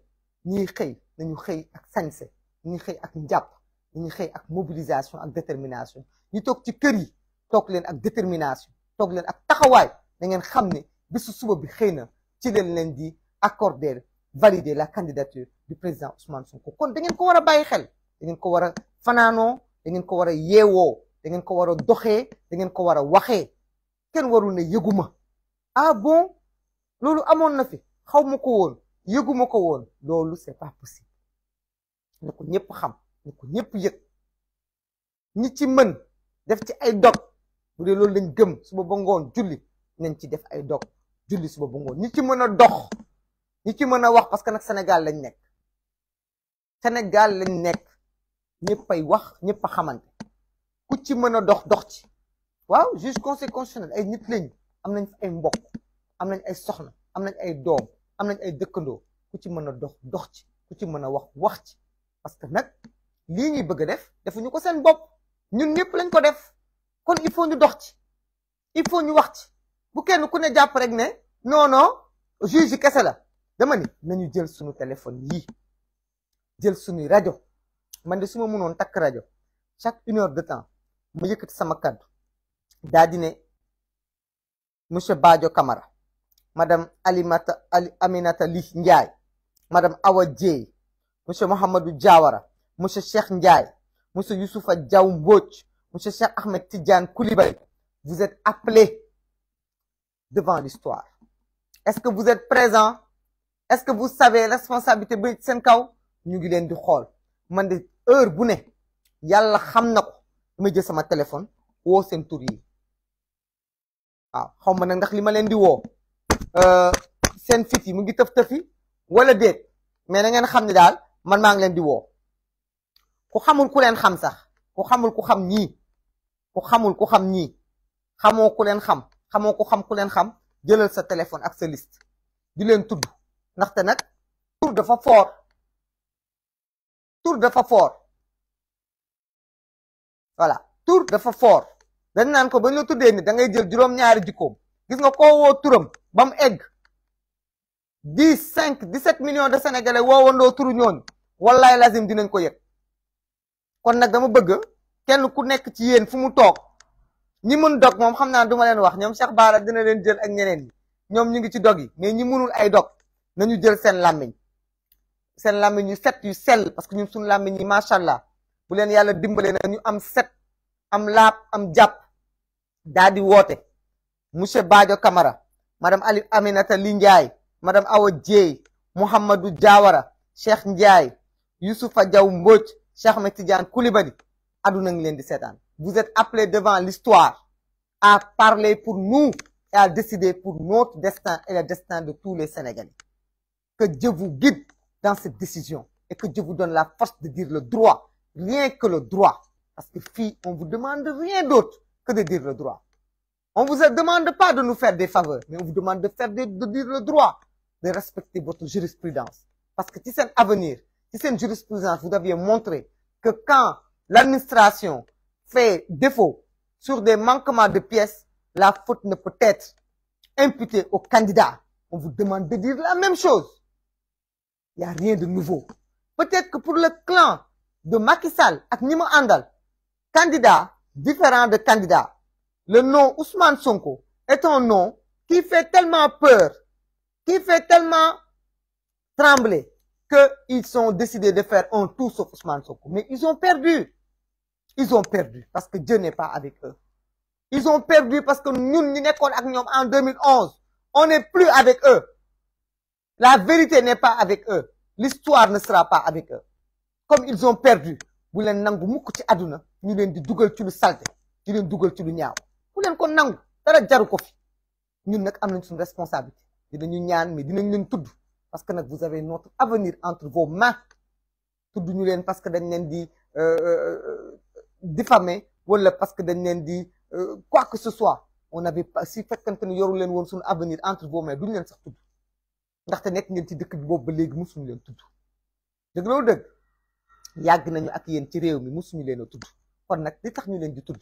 [SPEAKER 1] ñiy xëy nañu xëy ak sañse ñuy xëy ak njàpp nañu xëy ak mobilisation ak détermination ñu toog ci kër yi toog leen ak détermination toog leen ak taxawaay da ngeen xam ne bisu suba bi xëy na ci leen leen di accorder valider la candidature du président Ousmane Sonko kon da ngeen ko war a bàyyi xel da ko war a fanaanoo da ngeen ko war a yeewoo da ngeen ko war a doxee da ngeen ko war a waxee kenn warul ne yëguma ah bon loolu amoon na fi xaw ma ko woon yëguma ko woon loolu c'est pas possible na ko ñëpp xam na ko ñëpp yëg ñi ci mën def ci ay dog bu dee loolu lañ gëm suba ba ngoon julli nañ ci def ay dog julli suba ba ngoon ñi ci mën a dox ñi ci mën a wax parce que nag Sénégal lañ nekk Sénégal lañ nekk ñëpp ay wax ñëpp a xamante ku ci mën a dox dox ci waaw juge conseil constitutionnel ay nit lañ am nañ ay mbokk am nañ ay soxna am nañ ay doom am nañ ay dëkkandoo ku ci mën a dox dox ci ku ci mën a wax wax ci parce que nag lii ñuy bëgg a def defuñu ko seen bopp ñun ñëpp lañ ko def kon il faut ñu dox ci il faut ñu wax ci bu kenn ku ne jàpp rek ne non non juge kese la dama ni nañu jël suñu téléphone yii jël suñuy rajo man de su mënoon takk rajo chaque une heure de temps ma yëkkati sama kàddu daa monsieur Badio Kamara, madame Alimata Ali Aminata Ly Ndiaye madame Awa monsieur Mohamedou Diawara monsieur Cheikh Ndiaye monsieur Youssoufa Diaw monsieur Cheikh Ahmed Tidjan Koulibaly vous êtes appelés devant l'histoire est-ce que vous êtes présents est-ce que vous savez la responsabilité de de heure bu Yalla xam téléphone Ah, xawma nak ndax lima len leen di woo euh, seen fit yi mu ngi teuf teufi wala déet mais na ngeen xam ne daal man ma ngi len di wo ku xamul ku len xam sax ku xamul ku xam ñii ku xamul ku xam ñii xamo ku len xam xamo ku xam ku len xam jëlal sa telephone ak sa liste di len tudd ndaxte nak tur dafa fort tur dafa fort voilà tur dafa fort dañ naan ko ba ñu tuddee ni da ngay jël juróom-ñaari jikkoom gis nga koo woo turam ba mu egg dix cinq dix sept millions de woo wondoo turu ñooñu wallaay lazim dinañ ko yëg kon nag dama bëgg kenn ku nekk ci yéen fu mu toog ñi mën dog moom xam naa du ma leen wax ñoom Cheikh Bara dina leen jël ak ñeneen yi ñoom ñu ngi ci dog yi ñi mënul ay dog nañu jël seen làmmiñ seen làmmiñ yu set yu sell parce que ñun suñu làmmiñ yi macha allah bu leen yàlla dimbalee na ñu am set am laab am jàpp. Dadi Water, monsieur Badio Kamara, madame Ali Aminata Ly madame Awo djey Muhammadu Jawara, Cheikh Ndiaye Youssoufa Diaw Sheikh Cheikh Ahmed Koulibaly aduna di vous êtes appelés devant l'histoire à parler pour nous et à décider pour notre destin et le destin de tous les Sénégalais que Dieu vous guide dans cette décision et que Dieu vous donne la force de dire le droit rien que le droit parce que fille, on vous demande rien d'autre que de dire le droit. On ne vous demande pas de nous faire des faveurs, mais on vous demande de, faire de, dire le droit, de respecter votre jurisprudence. Parce que si c'est un avenir, si c'est une jurisprudence, vous deviez montrer que quand l'administration fait défaut sur des manquements de pièces, la faute ne peut être imputée au candidat. On vous demande de dire la même chose. Il n'y a rien de nouveau. Peut-être que pour le clan de Macky Sall, Nima candidat différents de candidats. Le nom Ousmane Sonko est un nom qui fait tellement peur, qui fait tellement trembler qu'ils ont décidé de faire un tout sauf Ousmane Sonko. Mais ils ont perdu. Ils ont perdu parce que Dieu n'est pas avec eux. Ils ont perdu parce que nous, nous en 2011. On n'est plus avec eux. La vérité n'est pas avec eux. L'histoire ne sera pas avec eux. Comme ils ont perdu bu leen nangu mukk ci aduna ñu len di duggal ci lu salte di len duggal ci lu ñaaw bu leen ko nangu dara jaru ko fi ñun nak am nañ suñu responsabilité di dinañu ñaan mais dinañ leen tudd parce que nak vous avez notre avenir entre vos mains tudd ñu len parce que dañ len di euh, euh diffamer wala parce que dañ len di euh, quoi que ce soit on avait pas si fekkante ñu yoru len won suñu avenir entre vos mains duñ len sax tudd ndaxte nekk ngeen ci dëkk bi bobu ba léegi mosuñu len tudd dëgg lo dëgg yàgg nañu ak yéen ci réew mi mosuñu leen a tudd kon nag li tax ñu leen di tudd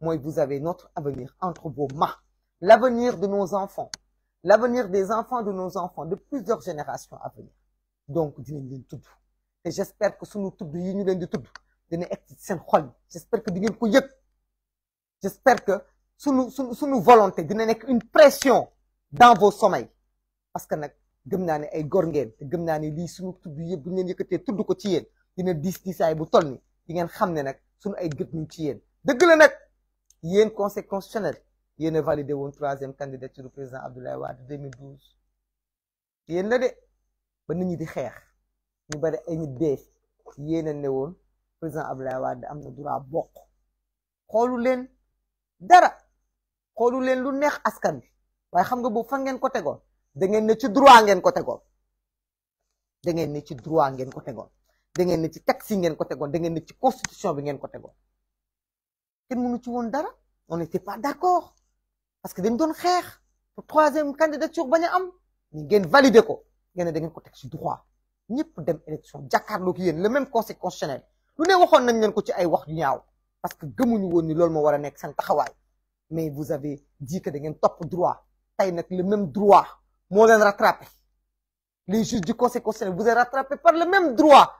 [SPEAKER 1] vous avez notre avenir entre vos mains l'avenir de nos enfants l'avenir des enfants de nos enfants de plusieurs générations à venir donc dinañ leen tudd Et j'espère que suñu tudd yi ñu leen di tudd dina egg ci seen xol j'espère que di ngeen ko j'espère que suñu suñu suñu volonté dina nekk une pression dans vos sommeils parce que nag gëm naa ne ay góor ngeen te gëm naa ne lii suñu tudd yëpp bu ñu leen tudd ko ci dina diis diisaay bu toll ni di ngeen xam ne nag suñu ay gët ñu ci yéen dëgg la nag yeen conseil constitutionnel yéen validé woon troisième candidature du président Abdoulaye Wade 2012 yéen la de ba nit ñi di xeex ñu bari ay nit dee yéen ne woon président Abdoulaye Wade am na droit boq xoolu leen dara xoolu leen lu neex askan bi waaye xam nga boobu fan ngeen ko tegoon da ngeen ne ci droit ngeen ko tegoon da ngeen ne ci droit ngeen ko tegoon da ngeen ni ci taxi ngeen ko teggon da ngeen ni ci constitution bi ngeen ko teggon ken munu ci won dara on n'était pas d'accord parce que dañ doon xex pour troisième candidature baña am ni ngeen valider ko ngeen ne da ngeen ko tek ci droit ñepp dem élection jakarlo ki yeen le même conseil constitutionnel lu ne waxon nañ leen ko ci ay wax yu ñaaw parce que gëmuñu won ni lool mo wara nek sen taxaway mais vous avez dit que da ngeen droit tay nak le même droit mo leen rattraper les juges du conseil constitutionnel vous êtes rattrapé par le même droit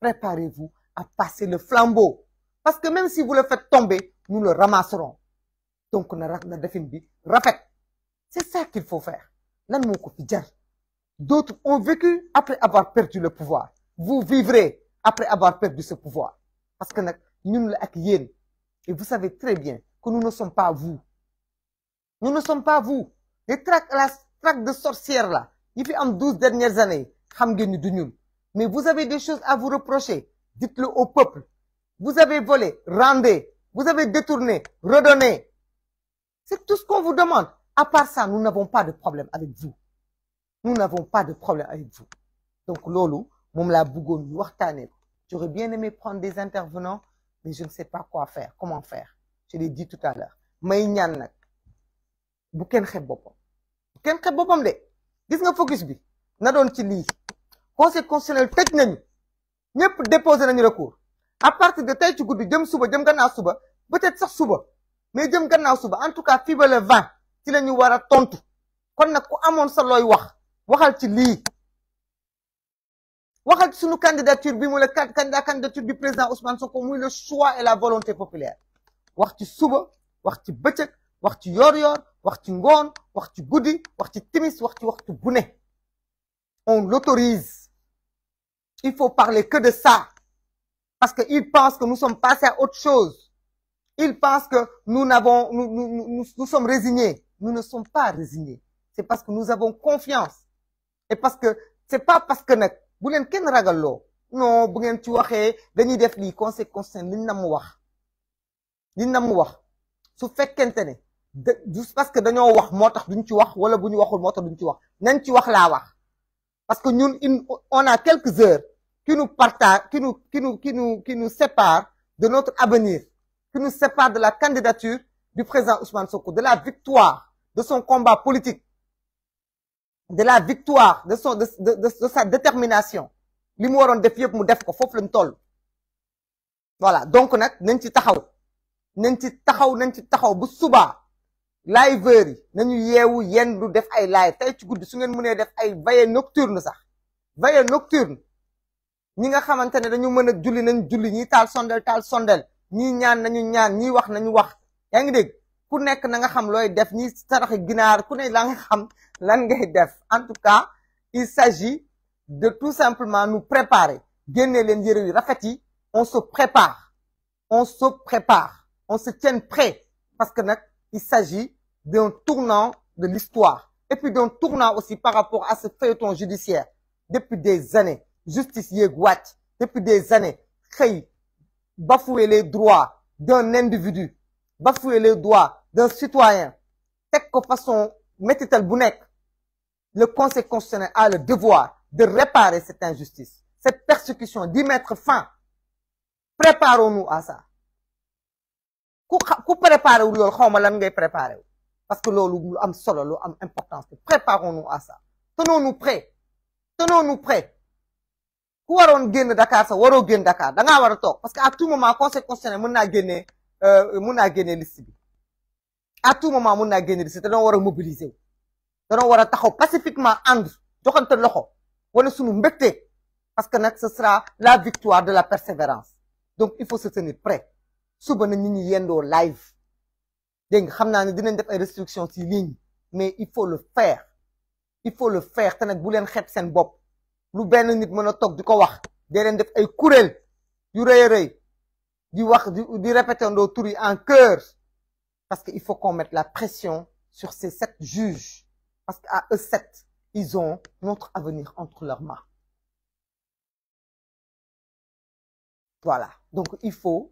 [SPEAKER 1] préparez-vous à passer le flambeau parce que même si vous le faites tomber nous le ramasserons donc na na defin bi c'est ça qu'il faut faire d'autres ont vécu après avoir perdu le pouvoir vous vivrez après avoir perdu ce pouvoir parce que nous, ñun la et vous savez très bien que nous ne sommes pas vous nous ne sommes pas vous les traques la traque de sorcières là il fait en 12 dernières années mais vous avez des choses à vous reprocher dites-le au peuple vous avez volé rendez vous avez détourné redonnez c'est tout ce qu'on vous demande à part ça nous n'avons pas de problème avec vous nous n'avons pas de problème avec vous donc Lolo, mon la bëggoon j'aurais bien aimé prendre des intervenants mais je ne sais pas quoi faire comment faire je l'ai dit tout à l'heure may ñaan bu kenn gis nga focus bi na doon ci lii conseil constitutionnel tëj nañu ñëpp déposé nañu recours à partir de tey ci guddi jëm suba jëm gannaaw suba peut-être sax mais jëm gannaaw suba en tout cas fii ba le nous ci la war a tontu kon nag ku amoon sa looy wax waxal ci sunu candidature bi mu la candidat candidature du président Ousmane Sonko muy le choix et la volonté populaire wax ci suba wax ci bëccëg wax ci yor-yor wax ci ngoon goudi ci timis wax ci waxtu bu on l'autorise il faut parler que de ça parce que ils pensent que nous sommes passés à autre chose ils pensent que nous n'avons nous, nous, nous, nous sommes résignés nous ne sommes pas résignés c'est parce que nous avons confiance et parce que c'est pas parce que nak bu ken kenn ragalloo non bu ngeen ci waxee dañuy def li conséquence liñ nam wax liñ nam wax su fekkente ne juste parce que dañoo wax motax duñ ci wax wala buñu waxul motax duñ ci wax nañ ci wax la wax parce que ñun on a quelques heures qui nous partagent qui nous qui nous qui nous qui nous séparent de notre avenir qui nous séparent de la candidature du président Ousmane Sonko de la victoire de son combat politique de la victoire de son de de de, sa détermination li mu def yépp mu def ko fofu lañ toll voilà donc nak nañ ci taxaw nañ ci taxaw nañ ci taxaw bu subaa liveur yi nañu yewu yenn du def ay live tay ci gudd su ngeen mune def ay veille nocturne sax veille nocturne ñi nga xamantene dañu mën a julli nañ julli ñi tal sondel tal sondel ñi ñaan nañu ñaan ñi wax nañu wax yaa ngi dégg ku nekk na nga xam looy def ñi saraxi ginaar ku ne la nga xam lan ngay def en tout cas il s'agit de tout simplement nous préparer génnee leen yëre yu rafet yi on se prépare on se prépare on se tient prêt parce que nag il s'agit d'un tournant de l'histoire et puis d'un tournant aussi par rapport à ce feuilleton judiciaire. Depuis des années, justice Yegouat, depuis des années, créé, bafouer les droits d'un individu, bafouer les droits d'un citoyen, telle que façon elle bounek, le Conseil constitutionnel a le devoir de réparer cette injustice, cette persécution, d'y mettre fin. Préparons-nous à ça ku xa ku préparé wu loolu lan ngay préparé parce que loolu lu am solo lu am importance préparons-nous à ça tenons-nous prêts tenons-nous prêts ku waroon génn Dakar sa waro génn Dakar da nga wara tok parce que à tout moment conseil constitutionnel mën naa génnee euh, mën naa génnee liste bi à tout moment mën a gagné liste te dañoo war mobiliser wu dañoo taxaw pacifiquement ànd joxante loxo wala suñu mbégte parce que nak ce sera la victoire de la persévérance donc il faut se tenir prêt suba na nit ñi yendo live deng xamna xam ne dinañ def ay restrictions ci ligne mais il faut le faire il faut le faire te nag bu len xet sen bop lu ben nit mëna tok diko wax dee leen def ay kuréel yu rëy a di wax di répéter ndoo tur yi en chœur parce qu'il faut qu'on mette la pression sur ces sept juges parce que à eux sept ils ont notre avenir entre leurs mains voilà donc il faut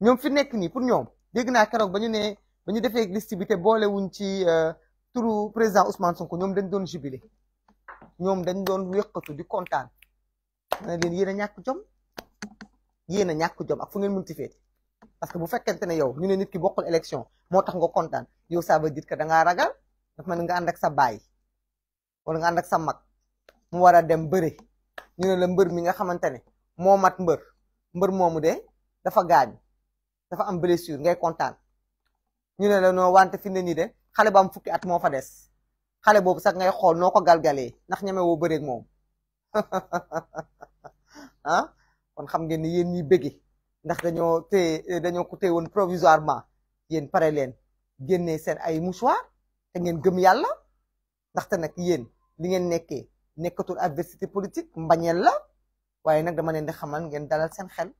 [SPEAKER 1] ñoom fi nekk nii pour ñoom dégg naa keroog ba ñu ne ba ñu defee liste bi te boolewuñ ci euh, turu président Ousmane Sonko ñoom dañ doon jubilé ñoom dañ doon wéqatu di kontaan ma ne leen ñàkk jom yéen a ñàkk jom ak fu ngeen munti féete parce que bu fekkente ne yow ñu ne nit ki bokkul élection moo tax nga kontaan yow saaba veut dire que ragal daf man nga ak sa baay wala nga ànd ak sa mag mu war a dem bëri ñu ne la mbër mi nga xamante ne moo mat mbër mbër moomu de dafa gaañ dafa am blessure ngay kontaan ñu ne la noo wante fi ne nii de xale bu am fukki at moo fa des xale boobu sax ngay xool noo ko galgalee ndax ñeme woo bëreeg moom [laughs] ah kon xam ngeen ni yéen ñi bëgge ndax dañoo téye dañoo ko téye woon provisoirement yéen pare leen génnee seen ay mouchoir te ngeen gëm yàlla ndaxte nag yéen li ngeen nekkee nekkatul adversité politique mbañeel la waaye nag dama leen di xamal ngeen dalal seen xel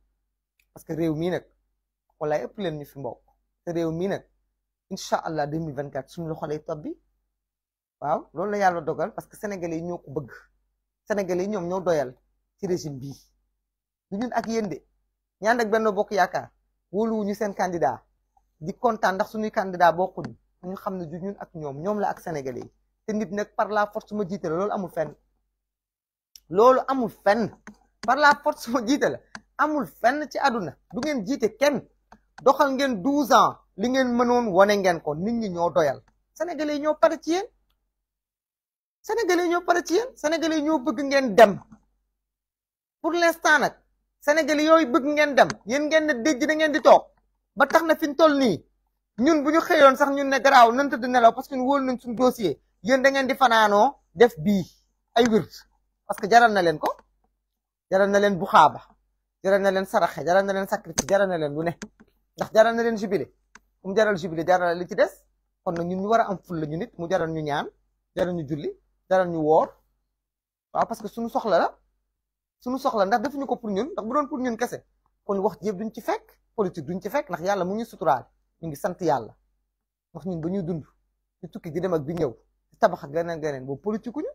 [SPEAKER 1] parce que réew mii nag wala ëpp leen ñu fi mbokk te réew mii nag incha allah 2024 suñu loxo lay tobbi waaw loolu la yàlla dogal parce que sénégalais yi ñoo ko bëgg sénégalais yi ñoom ñoo doyal ci régime bii du ñun ak yéen de ñaan ak benn bokk yaakaar wuñu seen candidat di kontaan ndax suñuy candidat bokkuñu ñu xam ne du ñun ak ñoom ñoom la ak sénégalais yi te nit nag par la force ma jiite la loolu amul fenn loolu amul fenn par la force ma jiite la amul fenn ci àdduna du ngeen jiite kenn doxal ngeen 12 ans li ngeen mënoon wane ngeen ko nit ñi ñoo doyal sénégalais ñoo pare ci yéen sénégalais ñoo pare ci yéen sénégalais ñoo bëgg ngeen dem pour l'instant nak sénégalais yoy bëgg ngeen dem yeen ngeen na déj da ngeen di tok ba tax na fi toll ni ñun buñu xeyoon sax ñun ne graw nañ tudd nelaw parce que ñu wol nañ suñu dossier yeen da ngeen di fanano def bi ay wird parce que jaral na len ko jaral na len buxaaba jaral na len saraxe jaral na len sacrifice jaral na len lu ne ndax jaral na len jubilé um jaral jubilé jaral li ci des kon ñun ñu wara am ful la ñu nit mu jaral ñu ñaan jaral ñu julli jaral ñu wor wa parce que suñu soxla la suñu soxla ndax defuñu ko pour ñun ndax bu doon pour ñun kese kon wax jëb duñ ci fekk politique duñ ci fekk ndax yalla mu ñu suturaal ñu ngi sante yalla wax ñun ba ñuy dund ci tukki di dem ak di ñew di tabax ak geneen geneen bo politique ñu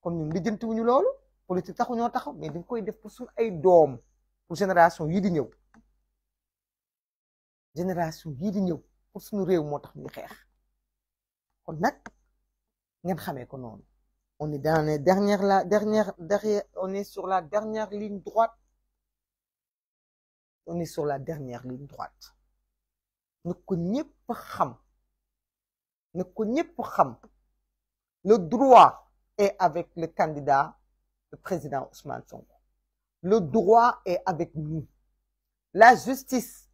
[SPEAKER 1] kon ñun lijjanti wuñu lolu politique taxu ñoo taxaw mais dañ koy def pour suñu ay doom pour génération yi di ñew génération yi di ñew pour suñu réew motax tax xex kon nak ngeen xamé ko non on est dans les dernières la dernière derrière on est sur la dernière ligne droite on est sur la dernière ligne droite na ko ñepp xam na ko ñepp xam le droit est avec le candidat le président Ousmane Sonko le droit est avec nous la justice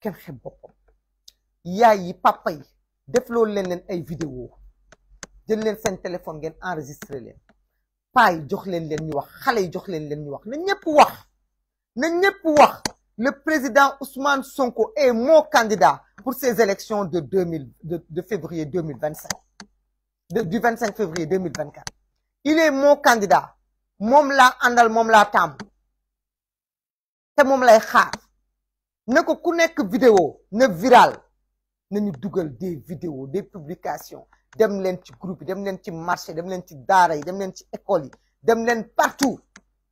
[SPEAKER 1] kenn xeb boppam yaay yi papa yi def loolu leen len ay vidéo jël leen sen téléphone ngeen enregistré leen pay jox leen len ñu wax xalé jox leen len ñu wax na ñepp wax na ñepp wax le président Ousmane Sonko est mon candidat pour ces élections de 2000 de de février 2025. de, du 25 février 2024. il est mon candidat mom la andal mom la tam. C'est mom lay xaar na ko ku nekk vidéo ne viral nañu dugal des vidéos des publications dem leen ci groupe yi dem leen ci marché dem leen ci daara yi dem leen ci école yi dem leen partout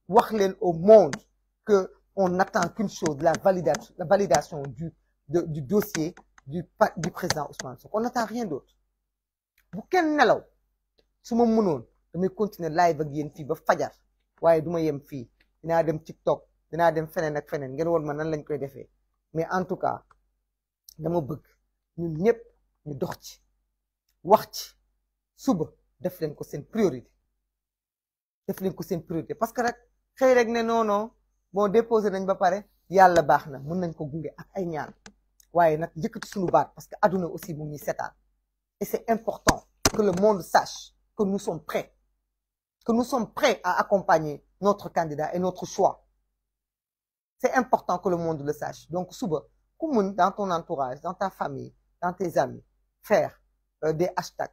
[SPEAKER 1] wax leen au monde que on n'attend qu'une chose la validation la validation du du dossier du du président Ousmane Sonko on n'attend rien d'autre bu kenn nelaw su ma mënoon damay continuer live ak yéen fii ba fajar waaye du ma yem fii dinaa dem TikTok dinaa dem feneen ak feneen ngeen woon ma nan lañ koy defee mais en tout cas dama bëgg ñun ñëpp ñu dox ci wax ci suba def leen ko seen priorité def leen ko seen priorité parce que rek xëy rek ne non non bon déposé nañ ba pare yàlla baax na mën nañ ko gunge ak ay ñaan waaye nag yëkkati suñu baat parce que aduna aussi mu ngi seetaan et c'est important que le monde sache que nous sommes prêts que nous sommes prêts à accompagner notre candidat et notre choix c'est important que le monde le sache. Donc, Souba, dans ton entourage, dans ta famille, dans tes amis, faire euh, des hashtags,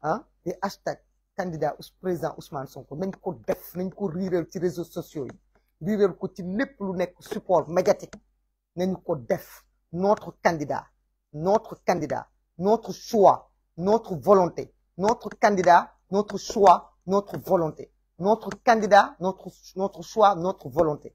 [SPEAKER 1] hein, des hashtags candidat ou président Ousmane Sonko même ko def nañ ko sur les réseaux sociaux rire le ko ci lépp lu mais support médiatique nañ ko def notre candidat notre candidat notre choix notre volonté notre candidat notre choix notre volonté notre candidat notre notre choix notre volonté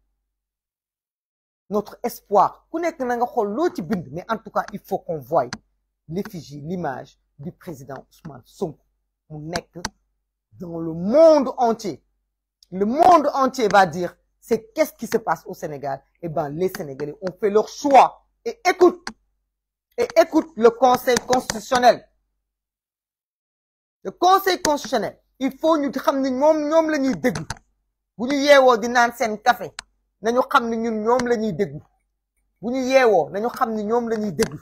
[SPEAKER 1] notre espoir mais en tout cas il faut qu'on voie l'effigie l'image du président Ousmane Sonko mu mec, dans le monde entier le monde entier va dire c'est qu'est-ce qui se passe au Sénégal eh ben les Sénégalais ont fait leur choix et écoute et écoute le Conseil constitutionnel le Conseil constitutionnel il faut nous xam ni moom ñoom la bu ñu di café nañu xam ni ñun ñoom la ñuy déglu bu ñu yeewoo nañu xam ni ñoom la ñuy déglu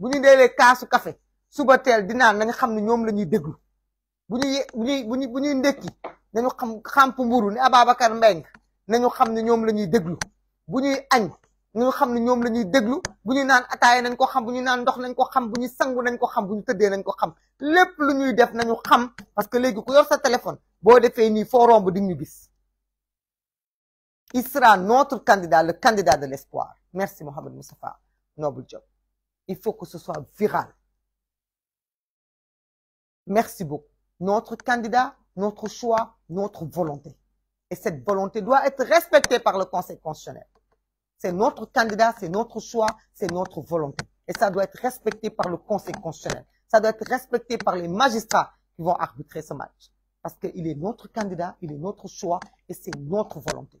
[SPEAKER 1] bu ñu deelee kaasu café suba teel di naan nañu xam ni ñoom la ñuy déglu bu ñu ye bu ñu bu ñuy bu ñuy xam xàmp mburu ni Ababacar Mbeng nañu xam ni ñoom la ñuy déglu bu ñuy añ nañu xam ni ñoom la ñuy déglu bu ñu naan ataaya nañ ko xam bu ñu naan ndox nañ ko xam bu ñu sangu nañ ko xam bu ñu tëddee nañ ko xam lépp lu ñuy def nañu xam parce que léegi ku yor sa téléphone boo defee nii foo romb di ñu gis Il sera notre candidat, le candidat de l'espoir. Merci Mohamed Moussafa, noble job. Il faut que ce soit viral. Merci beaucoup. Notre candidat, notre choix, notre volonté. Et cette volonté doit être respectée par le Conseil constitutionnel. C'est notre candidat, c'est notre choix, c'est notre volonté. Et ça doit être respecté par le Conseil constitutionnel. Ça doit être respecté par les magistrats qui vont arbitrer ce match. Parce qu'il est notre candidat, il est notre choix et c'est notre volonté.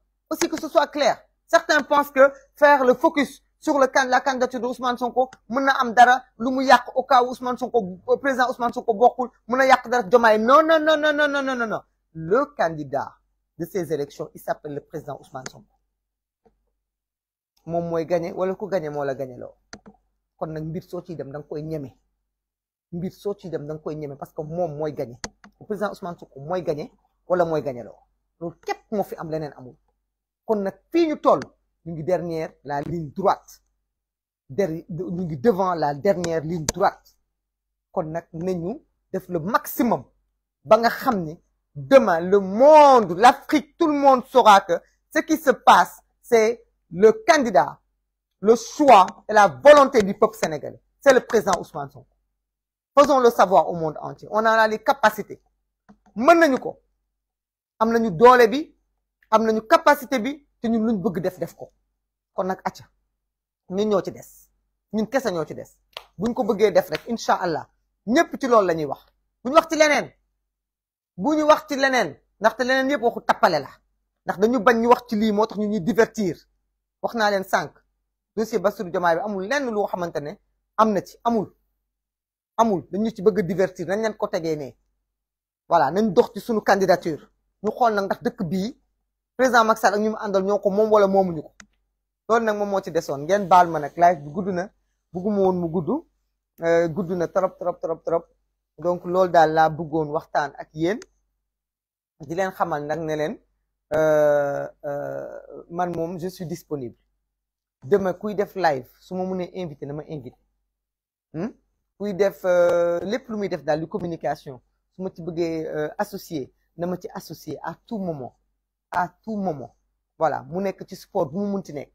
[SPEAKER 1] Aussi que ce soit clair. Certains pensent que faire le focus sur le can la candidature d'Ousmane Sonko Muna Amdara, am dara lu mu yak au cas Ousmane Sonko euh, président Ousmane Sonko bokul Muna yak dara jomay. non non non non non non non non le candidat de ces élections il s'appelle le président Ousmane Sonko Mom moy gagné wala ko gagné moo la gagné ou kon nak mbir so ci dem dang koy ñeme mbir so ci dem dang koy ñeme parce que moy gagner. gagné président Ousmane Sonko moy gagné wala moy gagné lo. Lu kep mo fi am leneen amul kon nak fini ñu toll ñu ngi dernière la ligne droite der ñu devant la dernière ligne droite kon nak nañu def le maximum ba nga demain le monde l'Afrique tout le monde saura que ce qui se passe c'est le candidat le choix et la volonté du peuple sénégalais c'est le président Ousmane Sonko faisons le savoir au monde entier on a les capacités meun nañu ko am am nañu capacité bi te ñun luñ bëgg def def ko kon nag acca ñun ñoo ci des ñun kese ñoo ci des buñ ko bëggee def rek incha allah ñëpp ci loolu la ñuy wax buñ wax ci leneen bu ñu wax ci leneen ndaxte leneen yëpp waxu tappale la ndax dañu bañ ñu wax ci lii moo tax ñu ñuy divertir wax naa leen sànq dossier Bassirou Diomaye bi amul lenn loo xamante ne am na ci amul amul dañu ci bëgg a divertir nañ leen ko tegee ne voilà nañ dox ci suñu candidature ñu xool nag ndax dëkk bii président ak wala donc je suis disponible demain kuy def live invité invité hmm? kuy def euh, communication associé euh, associé à tout moment à tout moment voilà Mon nekk ci sport mon mu nek,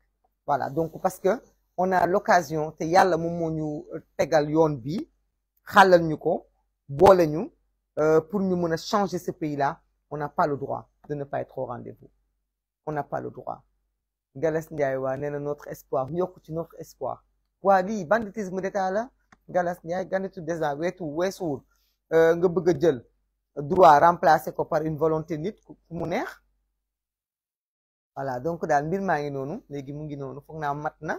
[SPEAKER 1] voilà donc parce que on a l'occasion te yal mon monu ñu euh, tegal yoon bi xàllal ñu ko boole euh, pour ñu mona changer ce pays là on n'a pas le droit de ne pas être au rendez-vous on n'a pas le droit Galas Ndiaye waa nee notre espoir nyo ci notre espoir waa lii banditisme d'état la Galas Ndiaye ganitu déjà weetu weesuwul euh, nga bëgg jël droit remplacer ko par une volonté nit mu neex voilà donc daal mbir ma ngi noonu léegi mu ngi noonu foog naa On na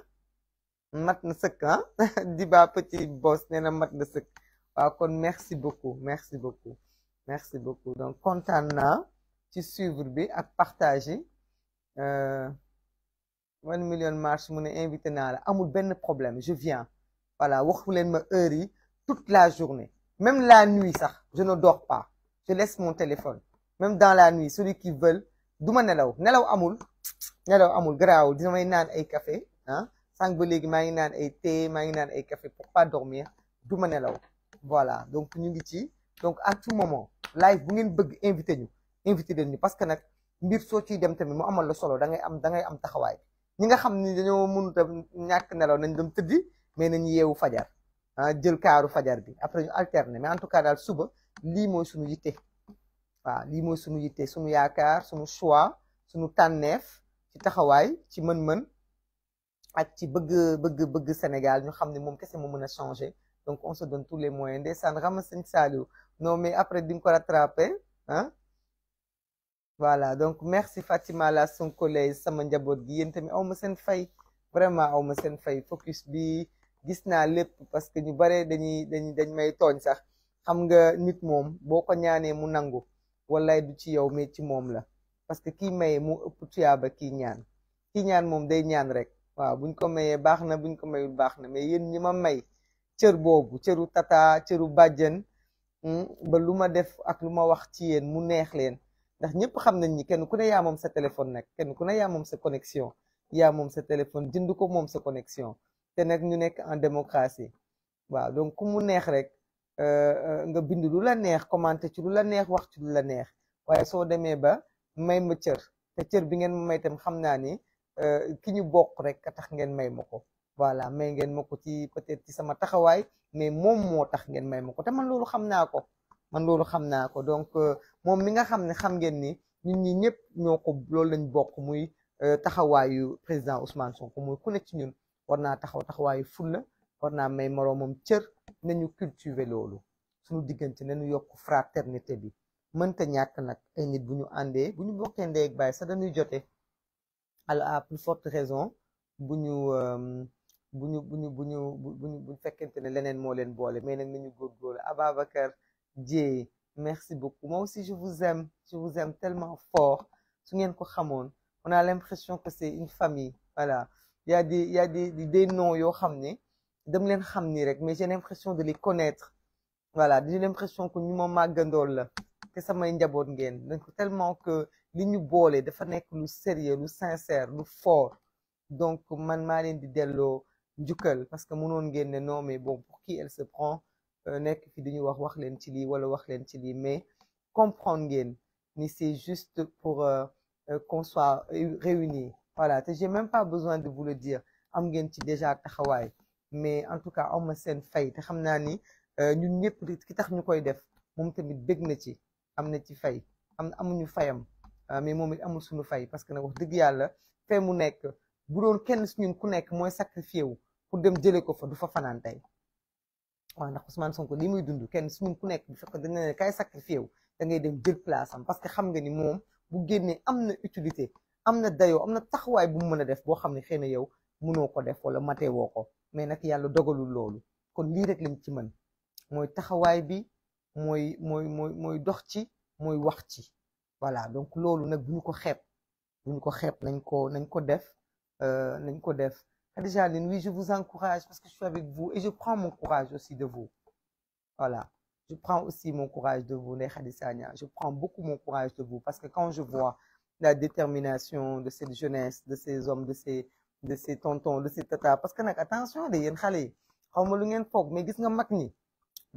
[SPEAKER 1] mat na sëkk ah [laughs] Diba Petit Boss nee na mat na kon merci beaucoup merci beaucoup merci beaucoup donc quand naa ci suivre bi ak euh 1 million marche mu ne invité naa la amul ben problème je viens voilà waxu len ma heure yi toute la journée même la nuit sax je ne dors pas je laisse mon téléphone même dans la nuit celui qui veulent. du ma nelaw nelaw amul nelaw amul garaawul dina may naan ay kafe ah sànq ba léegi maa ngi naan ay thé maa ngi naan ay kafe pour pas dormir du ma nelaw voilà donc ñu ngi ci donc à tout moment live bu ngeen bëgg invité ñu invité leen ñu parce que nag mbir soo ci dem tamit mu amal la solo da ngay am da ngay am taxawaay ñi nga xam ni dañoo mënut a ñàkk nelaw nañ dem tëddi mais nañ yeewu fajar ah jël kaaru fajar bi après ñu alterne mais en tout cas daal suba lii mooy suñu yitte waaw lii mooy sunu yitte sunu yaakaar sunu choix sunu tànneef ci taxawaay ci mën-mën ak ci bëgg bëgg bëgg Sénégal ñu xam ne moom kese moo mën a changer donc on se donne tous les moyens ndeysaan xam sëñ Saliou non mais après di nga ko rattraper ah voilà donc merci Fatima la son collègue sama njaboot gi yéen tamit aw ma seen fay vraiment aw ma seen fay focus bi gis naa lépp parce que ñu bare dañuy dañuy dañ may tooñ sax xam nga nit moom boo ko ñaanee mu nangu wallaay du ci yow mais ci moom la parce que ki may mu ëpp tuyaaba kii ñaan kii ñaan moom day ñaan rek waaw buñ ko mayee baax na buñ ko mayul baax na mais yéen ñi ma may cër boobu cëru tata cëru bàjjen hmm, ba lu ma def ak lu ma wax ci yéen mu neex leen ndax ñëpp xam nañ ni kenn ku ne yaa sa téléphone nag kenn ku ne yaa moom sa connexion yaa moom sa téléphone jënd ko moom sa connexion te nag ñu nekk en démocratie waaw donc ku mu neex rek Euh, euh, nga bind lu la neex commenter ci lu la neex wax ci lu la neex waaye soo demee ba may ma cër te cër bi ngeen ma may tam xam naa ni euh, ki ñu bokk rek ka tax ngeen may ma ko voilà may ngeen ma ko ci peut ci sama taxawaay mais moom moo tax ngeen may ma ko te man loolu xam naa ko man loolu xam naa ko donc moom mi nga xam ne xam ngeen ni ñun ñi ñëpp ñoo ko loolu lañ bokk muy taxawaayu président Ousmane Sonko muy ku nekk ci ñun war naa taxaw taxawaayu fulla war naa may moroomam cër nañu cultiver loolu suñu diggante nañu yokk fraternité bi mënta ñàkk nag ay nit bu ñu àndee bu ñu bokkee ndey ak baay sax dañuy jote alors à plus forte raison euh, bu ñu bu ñu bu ñu bu ñu buñu buñ fekkente ne leneen moo leen boole mais nag nañu góorgóorlu Ababacar Dieye merci beaucoup moi aussi je vous aime je vous aime tellement fort su ngeen ko xamoon on a l'impression que c'est une famille voilà il y a des il y a des des noms yoo xam ne dama mais j'ai l'impression de les connaître voilà j'ai l'impression que nous sommes màggandool la ça m'a njaboot donc tellement que li ñu boole dafa nekk lu sérieux lu sincère lu fort donc man suis de di delloo dire. parce que nous sommes ne non mais bon pour qui elle se prend euh, nekk fi di ñu wax wax leen ci lii wala mais comprendre mais c'est juste pour euh, euh, qu'on soit réunis voilà je j'ai même pas besoin de vous le dire am suis ci déjà taxawaay mais en tout cas am awma seen fay te xam naa ni euh, ñun ñëpp ki tax ñu koy def moom tamit bég na ci am na ci fay am na amuñu fayam euh, mais moom it amul suñu fay parce que nag wax dëgg yàlla fee mu nekk bu doon kenn su suñun ku nekk mooy sacrifié wu pour dem jëlee ko fa du fa fanaan tey waaw ndax Ousmane Sonko li muy dund kenn suñun ku nekk bu fekkoon dañ ne kay sacrifié da ngay dem jël place am parce que xam nga ni moom bu génnee am na utilité am na dayoo am na taxawaay bu mu mën a def boo xam ne xëy na yow mënoo ko def wala matee woo ko mais nag yalla dogalul lolou kon li rek lim ci man moy taxaway bi moy moy moy moy dox ci moy wax ci voilà donc lolou nak buñ ko xép buñ ko xép nañ ko nañ ko def euh, nañ ko def Khadija Aline oui je vous encourage parce que je suis avec vous et je prends mon courage aussi de vous voilà je prends aussi mon courage de vous les Khady je prends beaucoup mon courage de vous parce que quand je vois la détermination de cette jeunesse de ces hommes de ces de ses tontons de ses tata parce que nak attention de yeen xalé xawma lu ngeen fogg mais gis nga mag ni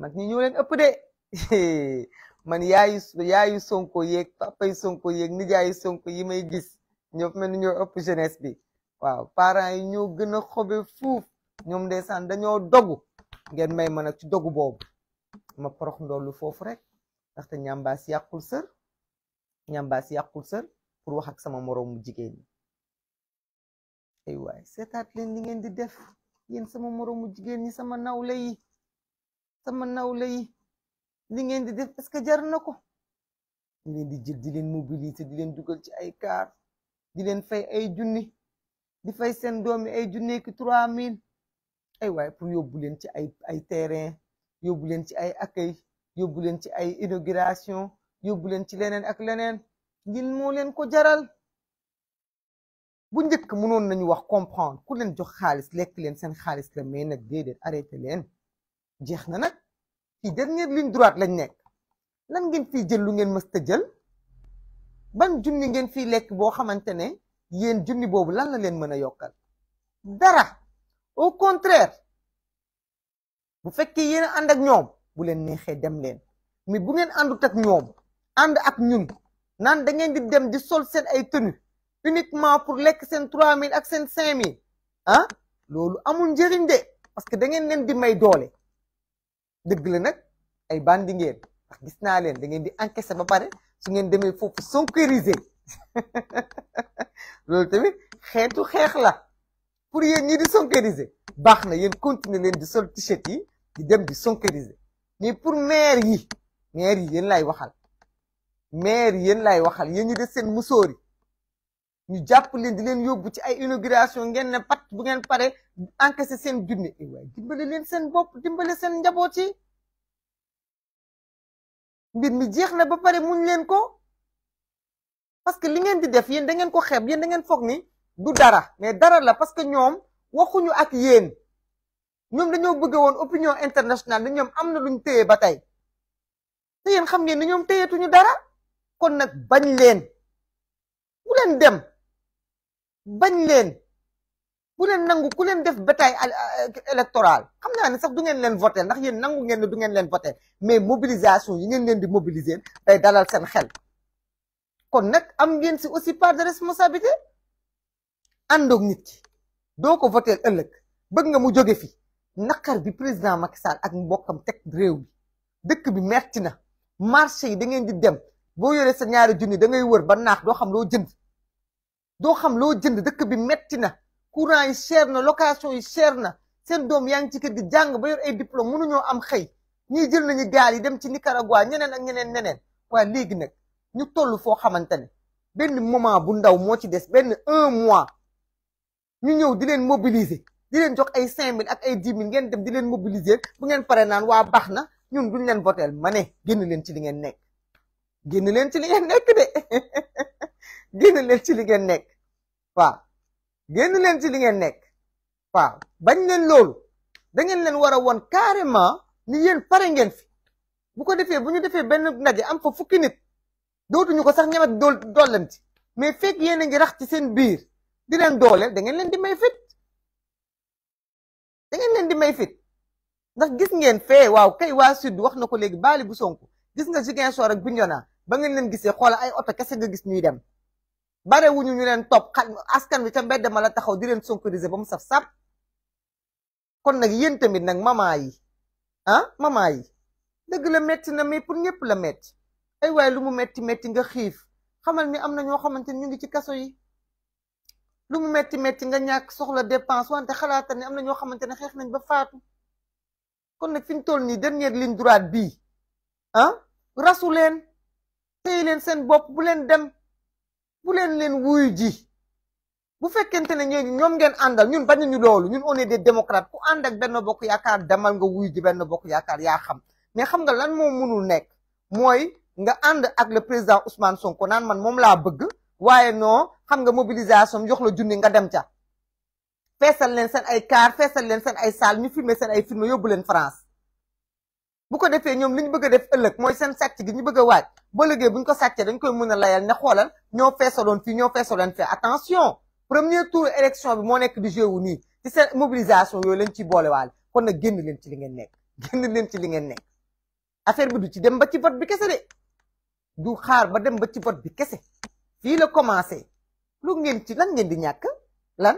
[SPEAKER 1] mag ni ñoo leen ëpp de [laughs] man yaayu yaayu sonko yeeg papay sonko yeeg nijaayu sonko yi may gis ñoo melni ñoo ëpp jeunesse bi waaw parents yi ñoo gëna xobé fouf ñom ñoom ndeysaan dañoo dogu ngeen may man ak ci dogu bob, ma porox ndolu foofu rek ndaxte ñambaas yaqul sër ñambaas yaqul sër pour wax ak sama moroomu jigéen ay waay seetaat leen li ngeen di def yéen sama moroomu jigéen ñi sama nawle yi sama nawle yi li ngeen di def est-ce que jar na ko di leen di jël di leen mobiliser di leen dugal ci ay car di leen fay ay junni di fay seen doomi ay junni ki trois mille ay waay pour yóbbu leen ci ay ay terrain yóbbu leen ci ay accueil yóbbu leen ci ay inauguration yóbbu leen ci leneen ak leneen ngin moo leen ko jaral bu njëkk mënon nañu wax comprendre ku leen jox xaaliss lek leen seen xaaliss la mais nak dédé arrêté leen jeex na nak ci dernière ligne droite lañ nekk lan ngeen fi jël lu ngeen mësta jël ban jooni ngeen fi lek bo xamantene yéen jooni bobu lan la leen mëna yokal dara au contraire bu fekkee yéen ànd ak ñoom bu leen nexé dem leen mais bu ngeen àndut ak ñoom ànd ak ñun nan da ngeen di dem di sol seen ay tenues uniquement pour lekk seen 3000 ak seen 5000 ah loolu amul njëriñ de parce que da ngeen leen di may doole dëgg nag ay bandi ngeen ndax gis naa leen da ngeen di encaisser ba pare su ngeen demee foofu sonkorisé [laughs] loolu tamit xeetu xeex la pour yéen ñi di sonkorisé baax na yéen continuer leen di sol t-shirt yi di dem di sonkorisé mais pour maire yi maire yi yéen laay waxal maire yéen laay waxal yéen ñi def seen musóor ñu jàpp leen di leen yóbbu ci ay inauguration geen ne pat bu ngeen pare encaissé seen junne i eh dimbale leen seen bopp dimbale seen njaboot yi mbir mi jeex na ba pare muñ leen ko parce que li ngeen di def yéen da ngeen ko xeeb yéen da ngeen foog ni du dara mais dara la parce que ñoom waxuñu ak yéen ñoom dañoo bëgg woon opinion international ne ñoom am na luñ téye ba tey te yéen xam ngeen ne ñoom téyeetuñu dara kon nag bañ leen bu dem bañ leen bu leen nangu ku leen def bataille euh, électorale xam naa ne sax du ngeen leen voté ndax yéen nangu ngeen ne du ngeen leen voté mais mobilisation yi ngeen leen di mobiliser day dalal seen xel kon nag am ngeen si aussi part de responsabilité àndoog nit ki doo ko voté ëllëg bëgg nga mu jóge fi naqar bi président Macky Sall ak mbokkam teg réew bi dëkk bi metti na marché yi da ngeen di dem boo yoree sa ñaari junni da ngay wër ban naax doo xam loo jënd doo xam loo jënd dëkk bi metti na courant yi cher na location yi cher na seen doom yaa ngi ci kër gi jàng ba yor ay mu diplôme ñoo am xëy ñii jël nañu gaal yi dem ci Nicaragua ñeneen a ñeneen neneen waa léegi nag ñu toll foo xamante ne benn moment bu ndaw moo ci des benn un mois ñu ñëw di leen mobiliser di leen jox ay cinq ak ay dix mille ngeen dem di leen mobiliser bu ngeen pare naan waa baax na ñun duñ leen voteel ma ne génn leen ci li ngeen nekk génn leen ci li ngeen nekk de [laughs] génn leen ci li ngeen nekk waaw génn leen ci li ngeen nekk waaw bañ leen loolu da ngeen leen war a won carrément ni yéen pare ngeen fi bu ko defee bu ñu defee benn ndaje am fa fukki nit dootuñu ko sax ñemet dool dooleen ci mais fekk yéen ngi rax ci seen biir di leen dooleel da ngeen leen di may fit da ngeen leen di may fit ndax gis ngeen fee waaw kay waa sud wax na ko léegi baali bu sonko gis nga Ziguinchor ak Bignona ba ngeen leen gisee xoola ay oto kese nga gis ñuy dem barewuñu ñu leen topp xa askan wi ca mbedd ma la taxaw di leen sonkoriser ba mu kon nag yéen tamit nag maman yi ah maman yi dëgg la metti na mais pour ñëpp la metti ay waaye lu mu metti metti nga xiif xamal ni am na ñoo xamante ni ñu ngi ci kaso yi lu mu metti metti nga ñàkk soxla dépense wante xalaatal ni am na ñoo xamante ne xeex nañ ba faatu kon nag fi ñu toll nii dernière ligne droite bii ah rasu leen téye leen seen bopp bu leen dem bu leen leen wuyu ji bu fekkente ne ñooñu ñoom ngeen àndal ñun bañu ñu loolu ñun on est des démocrates ku ànd ak benn bokk yaakaar demal nga wuyu ji benn bokk yaakaar yaa xam ne xam nga lan moo mënul nekk mooy nga ànd ak le président Ousmane Sonko naan man moom laa bëgg waaye noo xam nga mobilisation jox la junni nga dem ca feesal leen seen ay car feesal leen seen ay salle ñu filmer seen ay film yóbbu leen France bu ko defee ñoom li ñu bëgg def ëllëg mooy seen sàcc gi ñu bëgg a faire ko dañ koy layal attention premier tour élection bi mo nek du jeu ni ci mobilisation kon leen ci li leen ci li affaire bi du ci dem vote bi de du xaar ba dem ba ci vote bi kessé fi la commencé lu ngeen ci lan ngeen di lan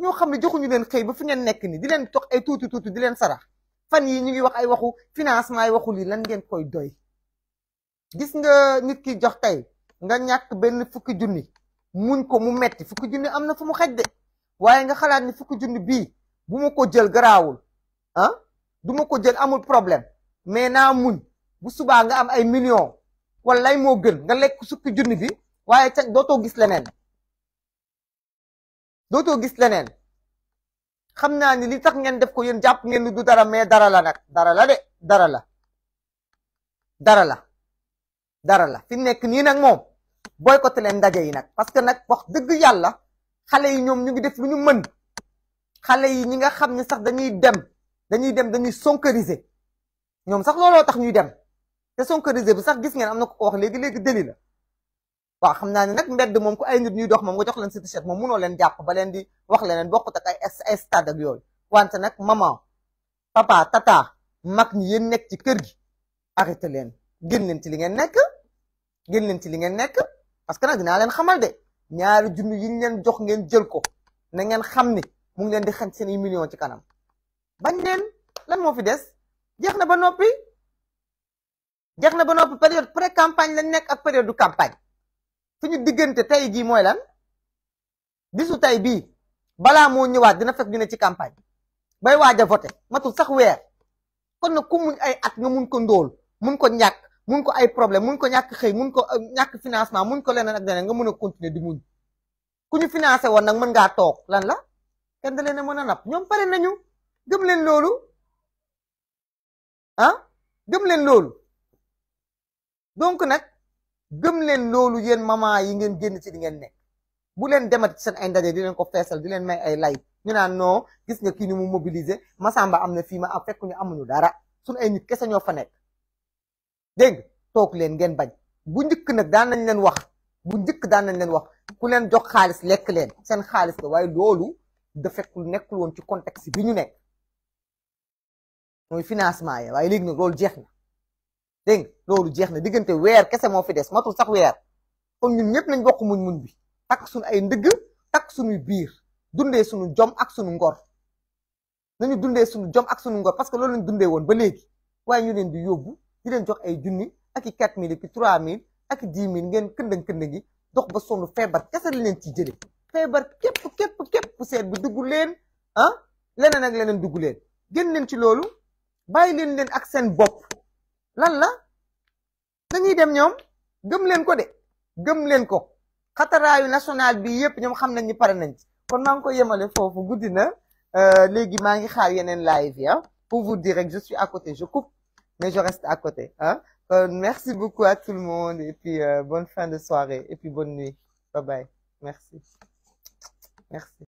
[SPEAKER 1] joxuñu leen ba fi ngeen ni di leen ay di leen sarax fan yi ngi wax ay waxu financement ay waxu lan ngeen gis nga nit ki jox tey nga ñàkk benn fukki junni muñ ko mu metti fukki junni am na fu mu xaj de waaye nga xalaat ni fukki junni bii bu ma ko jël garaawul ah du ma ko jël amul problème mais naa muñ bu subaa nga am ay millions wallay moo gën nga lekk sukki junni bi waaye ca dootoo gis leneen dootoo gis leneen xam naa ni li tax ngeen def ko yéen jàpp ngeen ni du dara mais dara la nag dara la de dara la dara la dara la fi nek ni nak mom boycott len ndaje yi nag parce que nak wax deug yalla xalé yi ñom ñu ngi def lu ñu mën xalé yi ñi nga xamni sax dañuy dem dañuy dem dañuy sonkeriser ñom sax lolo tax ñuy dem te sonkeriser bu sax gis ngeen amna ko wax léegi léegi deli la wa xamna ni nak mbedd mom ko ay nit ñuy dox mom nga jox leen si t-shirt moom munoo leen ba len di wax lenen bokku tak ay stade ak yoy wante nak mama papa tata mak ñi yéen ci kër gi arrêté len li ngeen nek génn leen ci li ngeen nekk parce que nag dinaa leen xamal de ñaari junni yi leen jox ngeen jël ko na ngeen xam ni mu ngi leen di xañ seen i million ci kanam bañ leen lan moo fi des jeex na ba noppi jeex na ba noppi période pré campagne lañ nekk ak période du campagne ñu diggante tey jii mooy lan bisu tey bi balaa moo ñëwaat dina fekk ñu ne ci campagne bay waaj a voté matul sax weer kon na ku muñ ay at nga mun ko ndóol mun ko ñàkk mun ko ay problème mun ko ñàkk xëy mun ko euh, ñàkk financement mun ko leneen ak leneen nga mën a continuer di muñ ku ñu financé woon nag mën ngaa toog lan la kenn da leen a mën a napp ñoom pare nañu gëm leen loolu ah gëm leen loolu donc nag gëm leen loolu yéen maman yi ngeen génn ci di ngeen nekk bu leen demat ci seen ay di leen ko feesal di leen may ay lay ñu naan noo gis nga kii ni mu mobiliser Masamba am na fii ma fekk ñu amuñu dara suñu ay nit kese ñoo fa nekk dégg toog leen ngeen bañ bu njëkk nag daan nañ leen wax bu njëkk daan nañ leen wax ku leen jox xaalis lekk leen seen xaalis la waaye loolu da fekk nekkul woon ci contexte bi ñu nekk mooy financement yi waaye léegi nag loolu jeex na dégg loolu jeex na diggante weer kese moo fi des matul sax weer kon ñun ñëpp nañ bokku muñ muñ bi takk suñu ay ndëgg takk suñuy biir dundee suñu jom ak suñu ngor nañu dundee suñu jom ak sunu ngor parce que loolu lañ dundee woon ba léegi waaye ñu leen di yóbbu di jox ay junni ak i 4000 ak i 3000 ak i 10000 ngeen këndëng këndëng gi dox ba sonn feebar kese la leen ciy feebar képp képp képp seet bi dugg leen ah leneen ak leneen dugg leen génn leen ci loolu bàyyi leen leen ak seen bopp lan la dañuy dem ñoom gëm leen ko de gëm leen ko xataraayu national bi yëpp ñoom xam nañ ñu pare nañ ci kon maa ngi ko yemale foofu guddi na euh, léegi maa ngi xaar yeneen live ya ah. pour vous dire rek je suis à côté je mais je reste à côté. Hein? Euh, merci beaucoup à tout le monde et puis euh, bonne fin de soirée et puis bonne nuit. Bye bye. Merci. Merci.